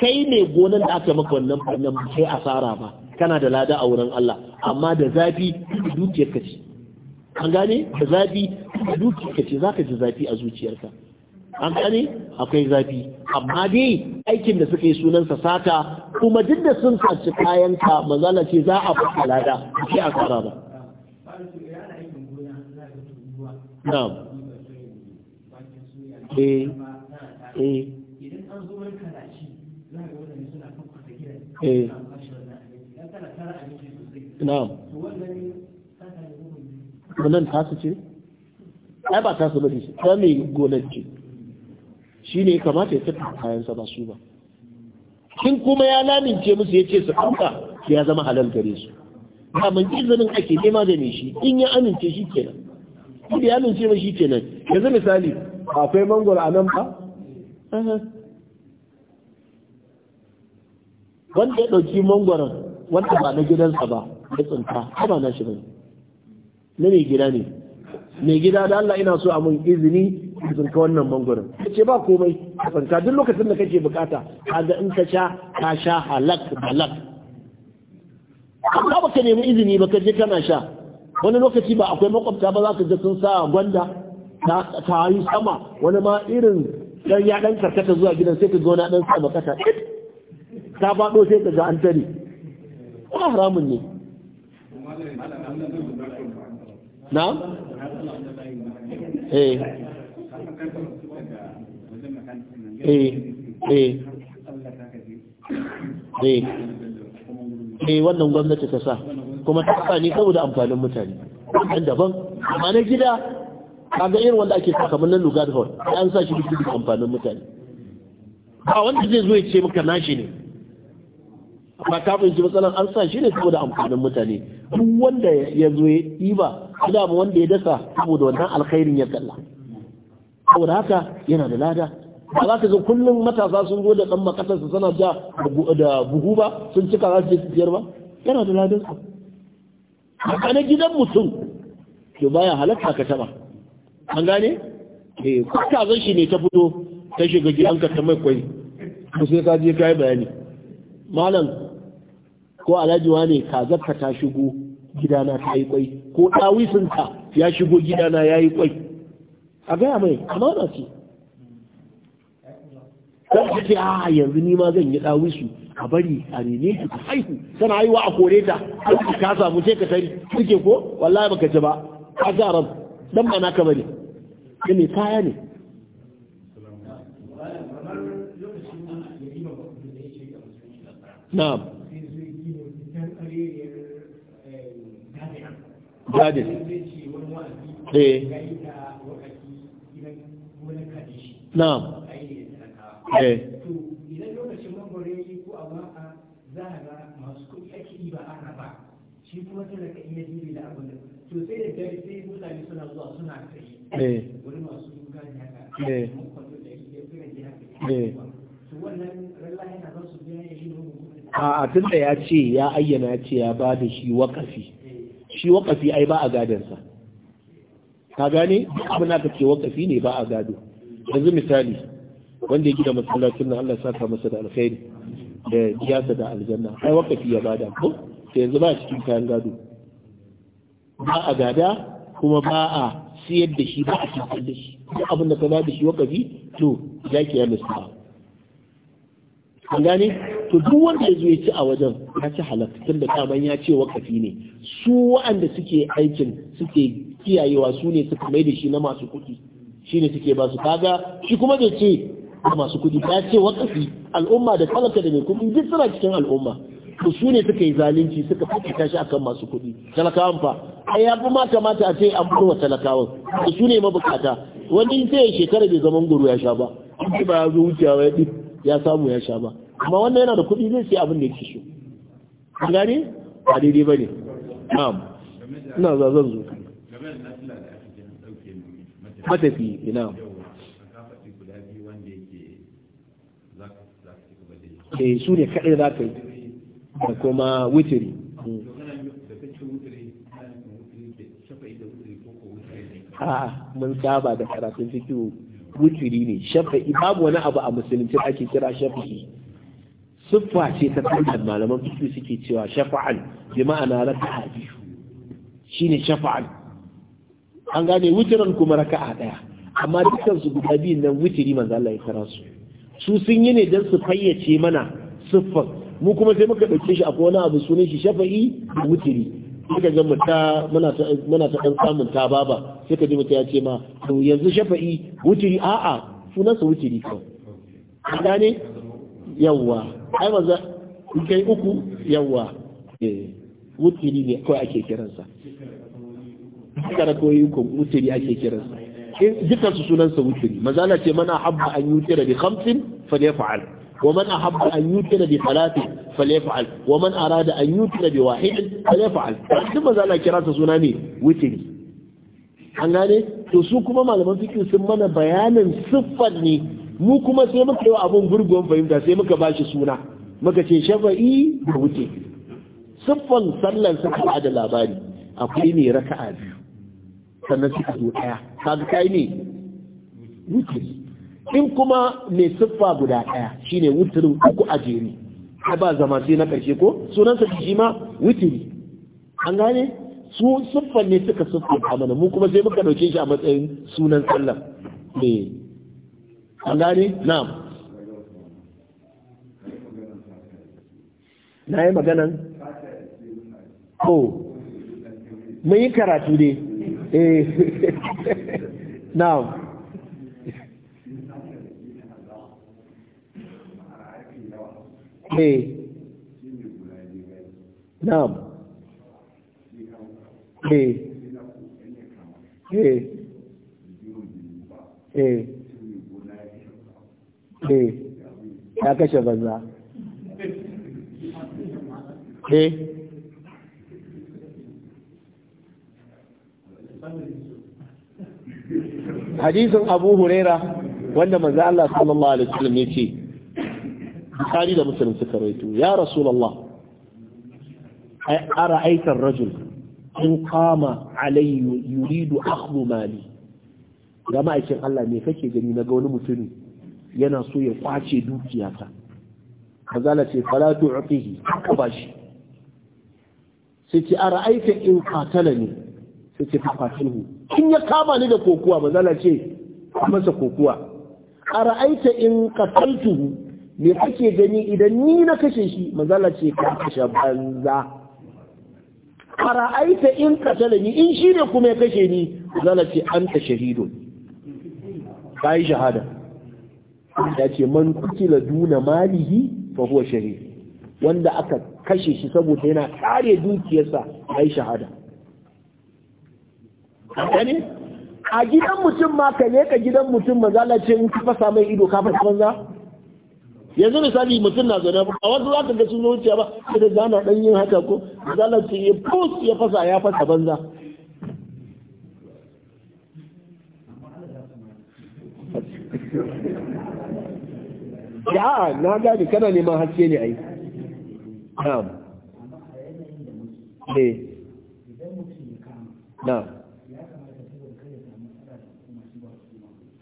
kai ne gonan da aka maka wannan fannin kai asara ba kana da lada a wurin Allah amma da zafi dukiyar ka ce an gane da zafi dukiyar ka ce zaka ji zafi a zuciyarka an gane akwai zafi amma dai aikin da suka yi sunansa sata kuma duk da sun saci kayan ka manzala ce za a fara lada kai asara ba na'am eh eh eh na'am wannan tasu ce ai ba tasu ba shi ta mai gonar ce shi ne kamata ya tafi kayansa ba su ba in kuma ya lamince musu ya ce su ɗauka ya zama halal gare su daman zanen ake nema da ne shi in ya amince shi kenan in ya amince ma shi kenan yanzu misali akwai mangoro a nan ba wanda ya ɗauki mangwaron wanda ba na gidansa ba ya tsinta ba na shi ba na mai gida ne mai gida da Allah ina so a mun izini in tsinka wannan mangwaron ya ce ba komai a tsinka duk lokacin da kake bukata ga in ka sha ka sha halak halak amma baka nemi izini ba ka je kana sha wani lokaci ba akwai makwabta ba za ka je sun sa gwanda ta yi sama wani ma irin dan ya dan karkata zuwa gidan sai ka zo ɗan dan sa makata ta faɗo sai ka ga an tare kuma haramun ne na? eh eh eh eh eh wannan gwamnati ta sa kuma ta sa ne saboda amfanin mutane ɗan daban amma na gida kaga irin wanda ake sa kamar na lugard hall an sa shi duk amfanin mutane ba wanda zai zo ya ce maka nashi ne ba ta fahimci matsalar an sa shi ne saboda amfanin mutane duk wanda ya zo ya ba da ba wanda ya dasa saboda wannan alkhairin ya kalla saboda haka yana da lada ba za ka ga kullum matasa sun zo da dan makasar su sana ja da buhu ba sun cika za su je siyar ba yana da ladan su haka na gidan mutum to baya halatta ka taba an gane eh ko zo shi ne ta fito ta shiga gidanka ta mai kwai ko sai ka je kai bayani malam ko alhaji wane kazarka ta shigo gidana ta yi kwai ko ɗawisinka ya shigo gidana ya yi kwai a gaya mai amana ce kan ka ce a yanzu ni ma zan yi ɗawisu a bari a rene ki ta haihu tana haihuwa a kore ta har ki ka samu ce ka tari suke ko wallahi baka ji ba a ga rab dan ba naka bane ne kaya ne na'am Eh. na'am eh idan eh. lokacin eh. mangoro ya yi ko a za a ga masu kuɗi ake yi ba a raba shi kuma tana ka iya jiri da abin da dare sai mutane suna zuwa suna kai wani masu duka haka ya a tun da ya ce ya ayyana ya ce ya ba da shi wakafi shi wakafi ai ba a gadansa ka gane abin aka ce wakafi ne ba a gado yanzu misali wanda ya gida masallacin nan Allah saka masa da alkhairi da jiyasa da aljanna ai wakafi ya bada ko sai yanzu ba cikin kayan gado ba a gada kuma ba a siyar da shi ba a cikin da shi duk abin da ka bada da shi wakafi to zaki ya musa an gane to duk wanda ya zo ya ci a wajen ya ci tun da kaman ya ce wakafi ne su wa'anda suke aikin suke kiyayewa su ne suka mai da shi na masu kuɗi shi ne suke ba su kaga shi kuma da ce masu kuɗi ya ce wakafi al'umma da talaka da mai kuɗi duk suna cikin al'umma to su ne suka yi zalunci suka fita shi akan masu kuɗi talakawan fa ai ya fi ma kamata a ce an wa talakawan to su ne mabukata wani sai shekara bai zaman guru ya sha ba ba ya zo wucewa ya ya samu ya sha ba amma wannan yana da kuɗi zai sai abin da yake so an gane ba daidai ba ne na'am ina za zan zo matafi ina ke eh, su ne kaɗai za ka yi da kuma witiri hmm. a mun saba da karatun fikiyo wuturi ne shafa'i babu wani abu a musulunci ake kira shafa'i siffa ce ta tsallar malaman fiƙi suke cewa shafa'al bi ma'ana raka'a biyu shine shafa'al an gane wutiran kuma raka'a daya amma dukkan su guda biyun nan wutiri manzo Allah ya kira su su sun yi ne dan su fayyace mana siffar mu kuma sai muka dauke shi a wani abu sunan shi shafa'i da wutiri sai ga mu ta muna ta muna ta dan samun ta baba sai ka ji mutum ya ce ma to yanzu shafa'i wutiri a'a sunansa wutiri ko an gane yawwa ai maza in kai uku yawwa eh wutiri ne kawai ake kiransa kara koyi uku wutiri ake kiransa in eh, dukkan su sunan sa wutiri mazala ce mana habba an yutira bi khamsin falyaf'al ومن أحب أن يوتر بثلاثة فليفعل ومن أراد أن يوتر بواحد فليفعل ثم ذلك كراسة سنامي وتري an gane to su kuma malaman fikin sun mana bayanin siffar ne mu kuma sai muka yi abun gurgun fahimta sai muka bashi suna muka ce shafa'i da wuce siffan sallan suka ba da labari akwai ne raka a biyu sannan suka zo daya kaga kai ne wuce in kuma mai siffa guda daya shine wuturin uku a jere ba zama sai na karshe ko sunansa shi ma ne. an gane su siffan ne suka siffan mana mu kuma sai muka dauke shi a matsayin sunan sallan eh an gane na'am na yi maganan ko mun yi karatu ne? eh na'am eh na'am eh eh eh eh ya kashe banza eh hadisun abu huraira wanda manzo Allah sallallahu alaihi wasallam yace Bukhari da Muslim suka rawaito ya Rasulullah Ai ara'aita ar-rajul in qama alayhi yuridu akhdhu mali ga ma'aikin Allah me kake gani na ga wani mutumi yana so ya kwace dukiyata kazala ce fala tu'tihi haka bashi sai ce ara'aita in qatalani sai ce fafatilhu in ya kama ni da kokuwa bazala ce masa kokuwa ara'aita in qataltuhu me kake gani idan ni na kashe shi bazala ce ka kashe banza ara'aita in qatalani in shi ne kuma ya kashe ni bazala ce anta shahidun kai shahada ya ce man kutila duna malihi fa huwa shahid wanda aka kashe shi saboda yana kare dukiyarsa ai shahada ne a gidan mutum ma ka ka gidan mutum mazala ce in ka fasa mai ido ka fasa banza yanzu misali mutum na zaune a wasu za ka ga sun zuciya ba sai da zana dan yin haka ko mazala ce ya pus ya fasa ya fasa banza ya na gani kana neman haske ne ai na'am eh na'am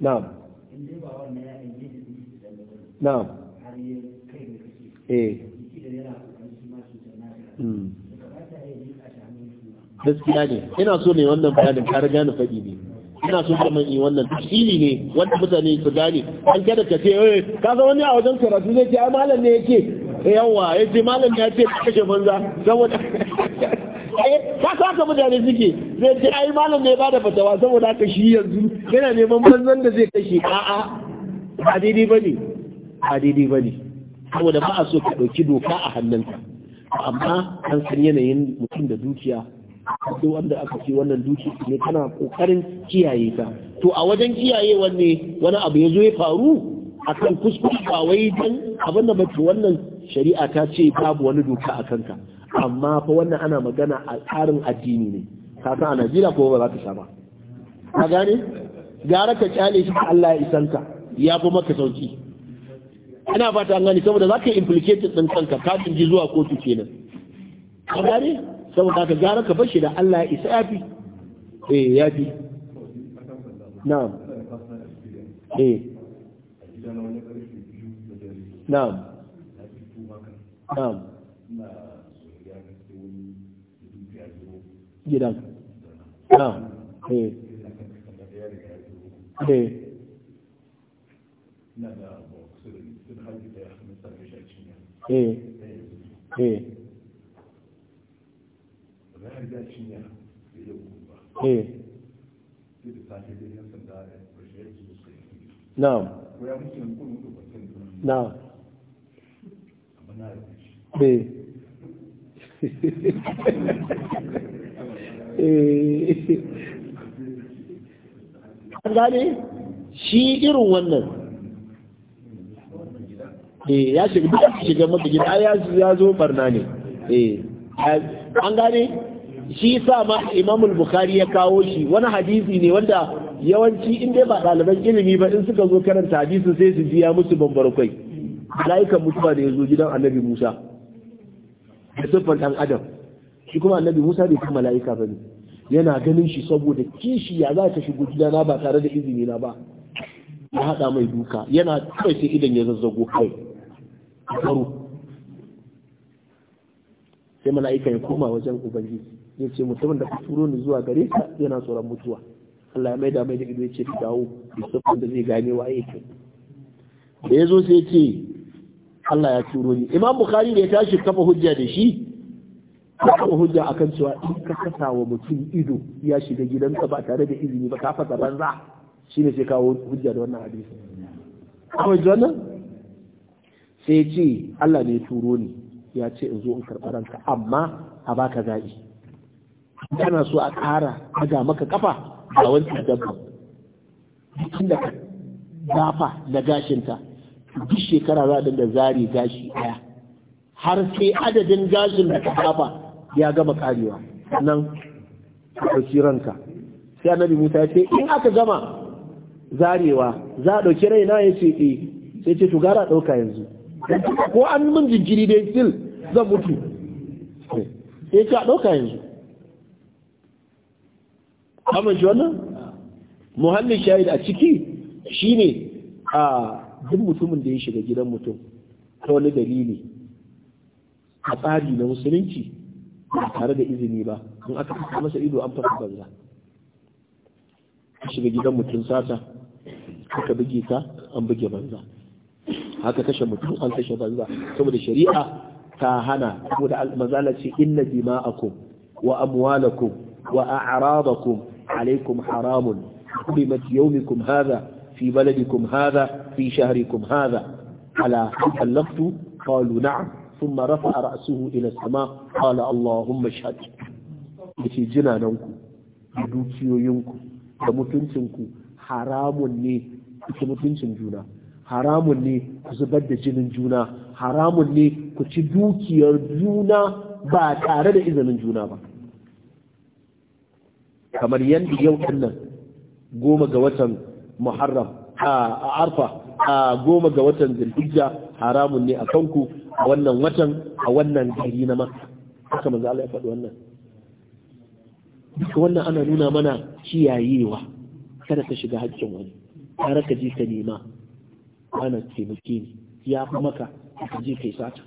na'am na'am eh hmm. gaskiya ne ina so ne wannan bayanin ka riga na faɗi ne ina so da mai wannan tafsiri ne wanda mutane su gane an kada ka ce eh ka ga wani a wajen karatu zai ce ai malam ne yake yawa yace malam ne yace kashe banza saboda eh, ka sa ka mutane suke zai ce ai malam ne ba da fatawa saboda haka shi yanzu yana neman banzan da zai kashe a'a ba daidai bane ba daidai bane saboda ba a so ka dauki doka a hannunka amma an san yanayin mutum da dukiya duk wanda aka ce wannan duki ne kana kokarin kiyaye ta to a wajen kiyaye wanne wani abu ya zo ya faru akan kuskure ba wai dan abin da mutu wannan shari'a ta ce babu wani doka a kanka amma fa wannan ana magana a tsarin addini ne ka san a Najeriya ko ba za ka saba. ka gane gara ka kyale shi Allah ya isanka ya fi maka sauki ana fata an gani saboda za ka yi implicated kanka ka ji zuwa kotu kenan ka gane saboda ka gara ka bashi da Allah ya isa yafi eh yafi na'am eh na'am na'am gidan na'am eh eh na da eh eh Eh. Eh. eh an gane shi irin wannan eh, ya shiga duk shiga mata ya zo barna ne an gane shi sa ma imamul bukhari ya kawo shi wani hadisi ne wanda yawanci in dai ba ɗaliban ilimi ba in suka zo karanta hadisi sai su biya musu kwai. laika mutuwa da ya zo gidan annabi musa da siffar ɗan adam shi kuma annabi musa bai kuma mala'ika ba ne yana ganin shi saboda kishi ya za ta shigo gidana ba tare da izini na ba ya haɗa mai duka yana kawai sai idan ya zazzago kai a karo sai mala'ika ya koma wajen ubangiji ya ce mutumin da ka turo ni zuwa gare ka yana tsoron mutuwa Allah ya maida mai da ido ya ce ka dawo musamman da zai gane wa yake da ya zo sai ce Allah ya turo ni Imam Bukhari da ya tashi kafa hujja da shi ka kafa hujja akan cewa in ka kasa wa mutum ido ya shiga gidanka ba tare da izini ba ka fasa banza shine sai kawo hujja da wannan hadisi kawai wannan sai ce Allah ne ya turo ni ya ce in zo in karɓi ranka amma a baka zaɓi Yana so a ƙara daga maka kafa ga wancan dabba jikin da ka dafa da gashinta duk shekara za a da zari gashi ɗaya har sai adadin gashin da ka gafa ya gama karewa nan a ɗauki ranka sai annabi musa ya ce in aka gama zarewa za a ɗauki raina ya ce eh sai ce to gara ɗauka yanzu ko an min jinjiri dai still zan mutu eh. sai ce a ɗauka yanzu shi wannan muhallin shahid a ciki Shi ne. a duk mutumin da ya shiga gidan mutum ta wani dalili a tsari na musulunci ba tare da izini ba in aka fita masa ido an fasa banza ka shiga gidan mutum sata aka buge ta an buge banza haka kashe mutum an kashe banza saboda shari'a ta hana saboda manzala ce inna dima'akum wa amwalakum wa a'radakum عليكم حرام حرمت يومكم هذا في بلدكم هذا في شهركم هذا على حلقت قالوا نعم ثم رفع رأسه إلى السماء قال اللهم اشهد yace jinananku da dukiyoyinku da mutuncinku haramun ne ku mutuncin juna haramun ne ku zubar da jinin juna haramun ne ku ci dukiyar juna ba tare da izinin juna ba kamar yadda yau nan goma ga watan muharram a arfa a goma ga watan zulhijja haramun ne a kanku a wannan watan a wannan gari na makka haka manzo Allah ya faɗi wannan duka wannan ana nuna mana kiyayewa kada ka shiga haƙƙin wani tare ka je ka nema ana taimake ni ya fi maka ka je kai sata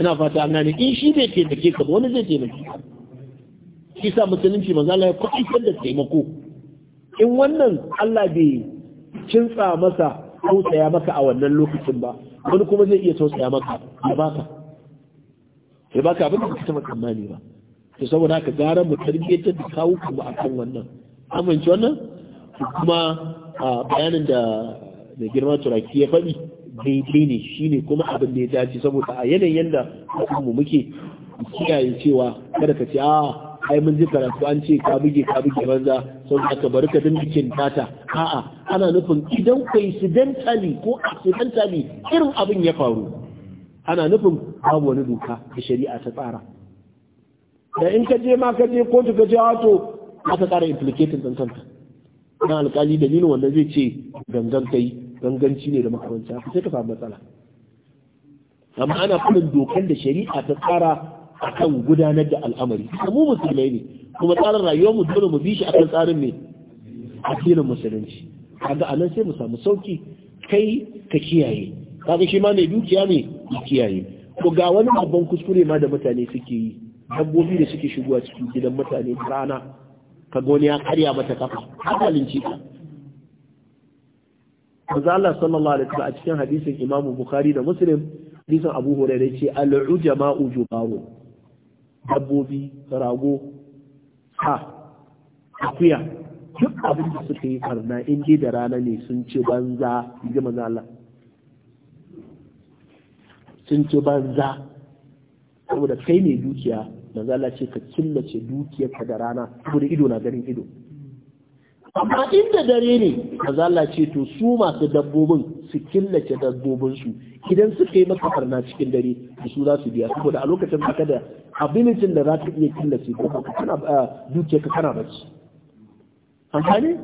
ina fata an gane in shi bai taimake ka wani zai taimake ka shi sa musulunci manzo Allah ya kan da taimako in wannan Allah bai kinsa masa tausaya maka a wannan lokacin ba wani kuma zai iya tausaya maka ya baka ya baka abin da ka taba tsammani ba to saboda haka gara mu tarbiyyatar da kawo kuma akan wannan amince wannan kuma bayanin da mai girma turaki ya faɗi daidai ne shine kuma abin da ya dace saboda a yanayin yanda mu muke kiyaye cewa kada ka ce a ah, ai mun ji karatu an ce ka buge ka buge banza sau da bari ka dinga kintata a'a ana nufin idan coincidentally ko accidentally irin abin ya faru ana nufin babu wani doka da shari'a ta tsara da in ka je ma ka je kotu ka je wato ah, ta tsara implicating din kanka na alkali dalilin wanda zai ce gangan kai ganganci ne da makamanci sai ka samu matsala amma ana faɗin dokan da shari'a ta tsara akan gudanar da al'amari mu musulmai ne kuma tsarin rayuwar mu dole mu bi shi akan tsarin ne addinin musulunci kaga anan sai mu samu sauki kai ka kiyaye kaga shi ma mai dukiya ne ya kiyaye ko ga wani babban kuskure ma da mutane suke yi dabbobi da suke shigowa cikin gidan mutane rana ka goni ya karya mata kafa ci ka manzo Allah sallallahu alaihi wasallam a cikin hadisin Imam Bukhari da Muslim hadisin Abu Hurairah ce al-ujamaa jubaru dabbobi rago ha akuya duk abin da suka yi karna in dai da rana ne sun ce banza ji manzo Allah sun ce banza saboda kai ne dukiya manzo Allah ce ka killace dukiyarka da rana saboda ido na ganin ido amma inda dare ne mazala ce to su masu dabbobin su killace dabbobinsu idan suka yi maka farna cikin dare da su za su biya saboda a lokacin baka da abincin da za ka iya killace ko kana duke ka kana bacci an gane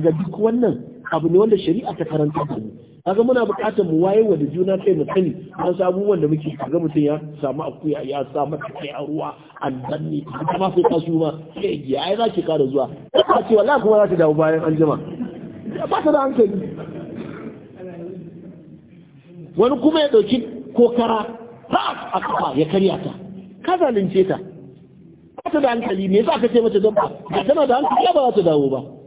ga duk wannan abu ne wanda shari'a ta karanta da mu kaga muna buƙatar mu wayewa da juna kai mu sani an samu wanda muke kaga mutum ya samu akuya ya samu kai a ruwa an danne kuma sai ka su ma sai giya ai zaki kara zuwa ka ce wallahi kuma za ta dawo bayan an jima ba ta da hankali wani kuma ya dauki kokara ha a kafa ya karya ta ka zalunce ta ba ta da hankali me yasa ka ce mata don ba tana da hankali ba za ta dawo ba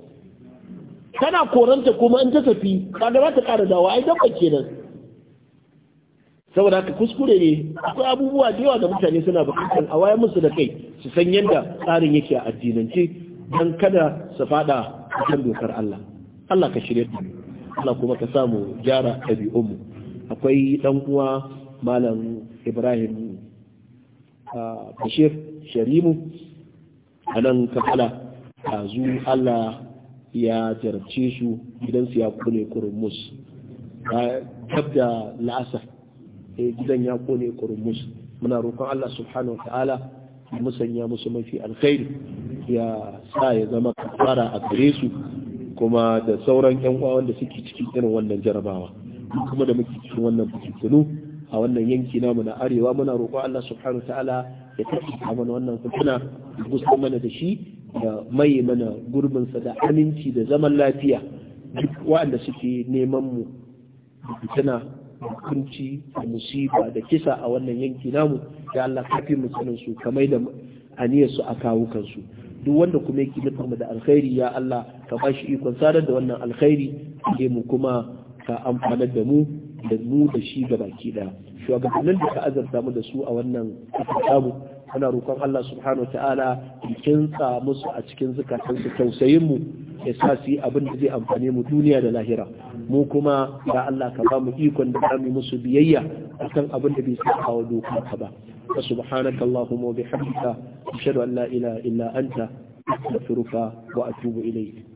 kana koranta kuma in ta tafi kaga za ta ƙara dawa ai dabba kenan saboda haka kuskure ne akwai abubuwa da yawa da mutane suna bukatar a wayar musu da kai su san yadda tsarin yake a addinance don kada su fada kan dokar Allah Allah ka shirya ta Allah kuma ka samu gyara mu. akwai ɗan uwa malam Ibrahim Bashir Sharimu a nan kafala a zu Allah ya jarabce su gidansu ya kone kurmus dab da la'asar eh, gidan ya kone kurmus muna roƙon Allah subhanahu ta'ala musanya musu mafi alkhairi ya sa ya zama kafara a gare su kuma da sauran yan uwa wanda suke cikin irin wannan jarabawa kuma da muke cikin wannan fitinu a wannan yanki namu na arewa muna roƙon Allah subhanahu ta'ala ya tafi mana wannan fitina ya gusa mana da shi da mai mana gurbinsa da aminci da zaman lafiya duk waɗanda suke neman mu fitina da kunci da musiba da kisa a wannan yanki namu da Allah kafi fi sanin su kamar da aniyarsu a kawukansu. kansu duk wanda kuma yake nufin mu da alkhairi ya Allah ka ba shi ikon sadar da wannan alkhairi ke mu kuma ka amfanar da mu da mu da shi gabaki ɗaya shugabannin da ka azarta mu da su a wannan kasa muna roƙon Allah subhanahu wataala kin sa musu a cikin zukatansu tausayinmu tausayin mu ya sa su yi abin da zai amfane mu duniya da lahira mu kuma ya Allah ka ba mu ikon da zamu musu biyayya akan abin da bai saba wa doka ba subhanaka allahumma wa bihamdika ashhadu an la ilaha illa anta astaghfiruka wa atubu ilayk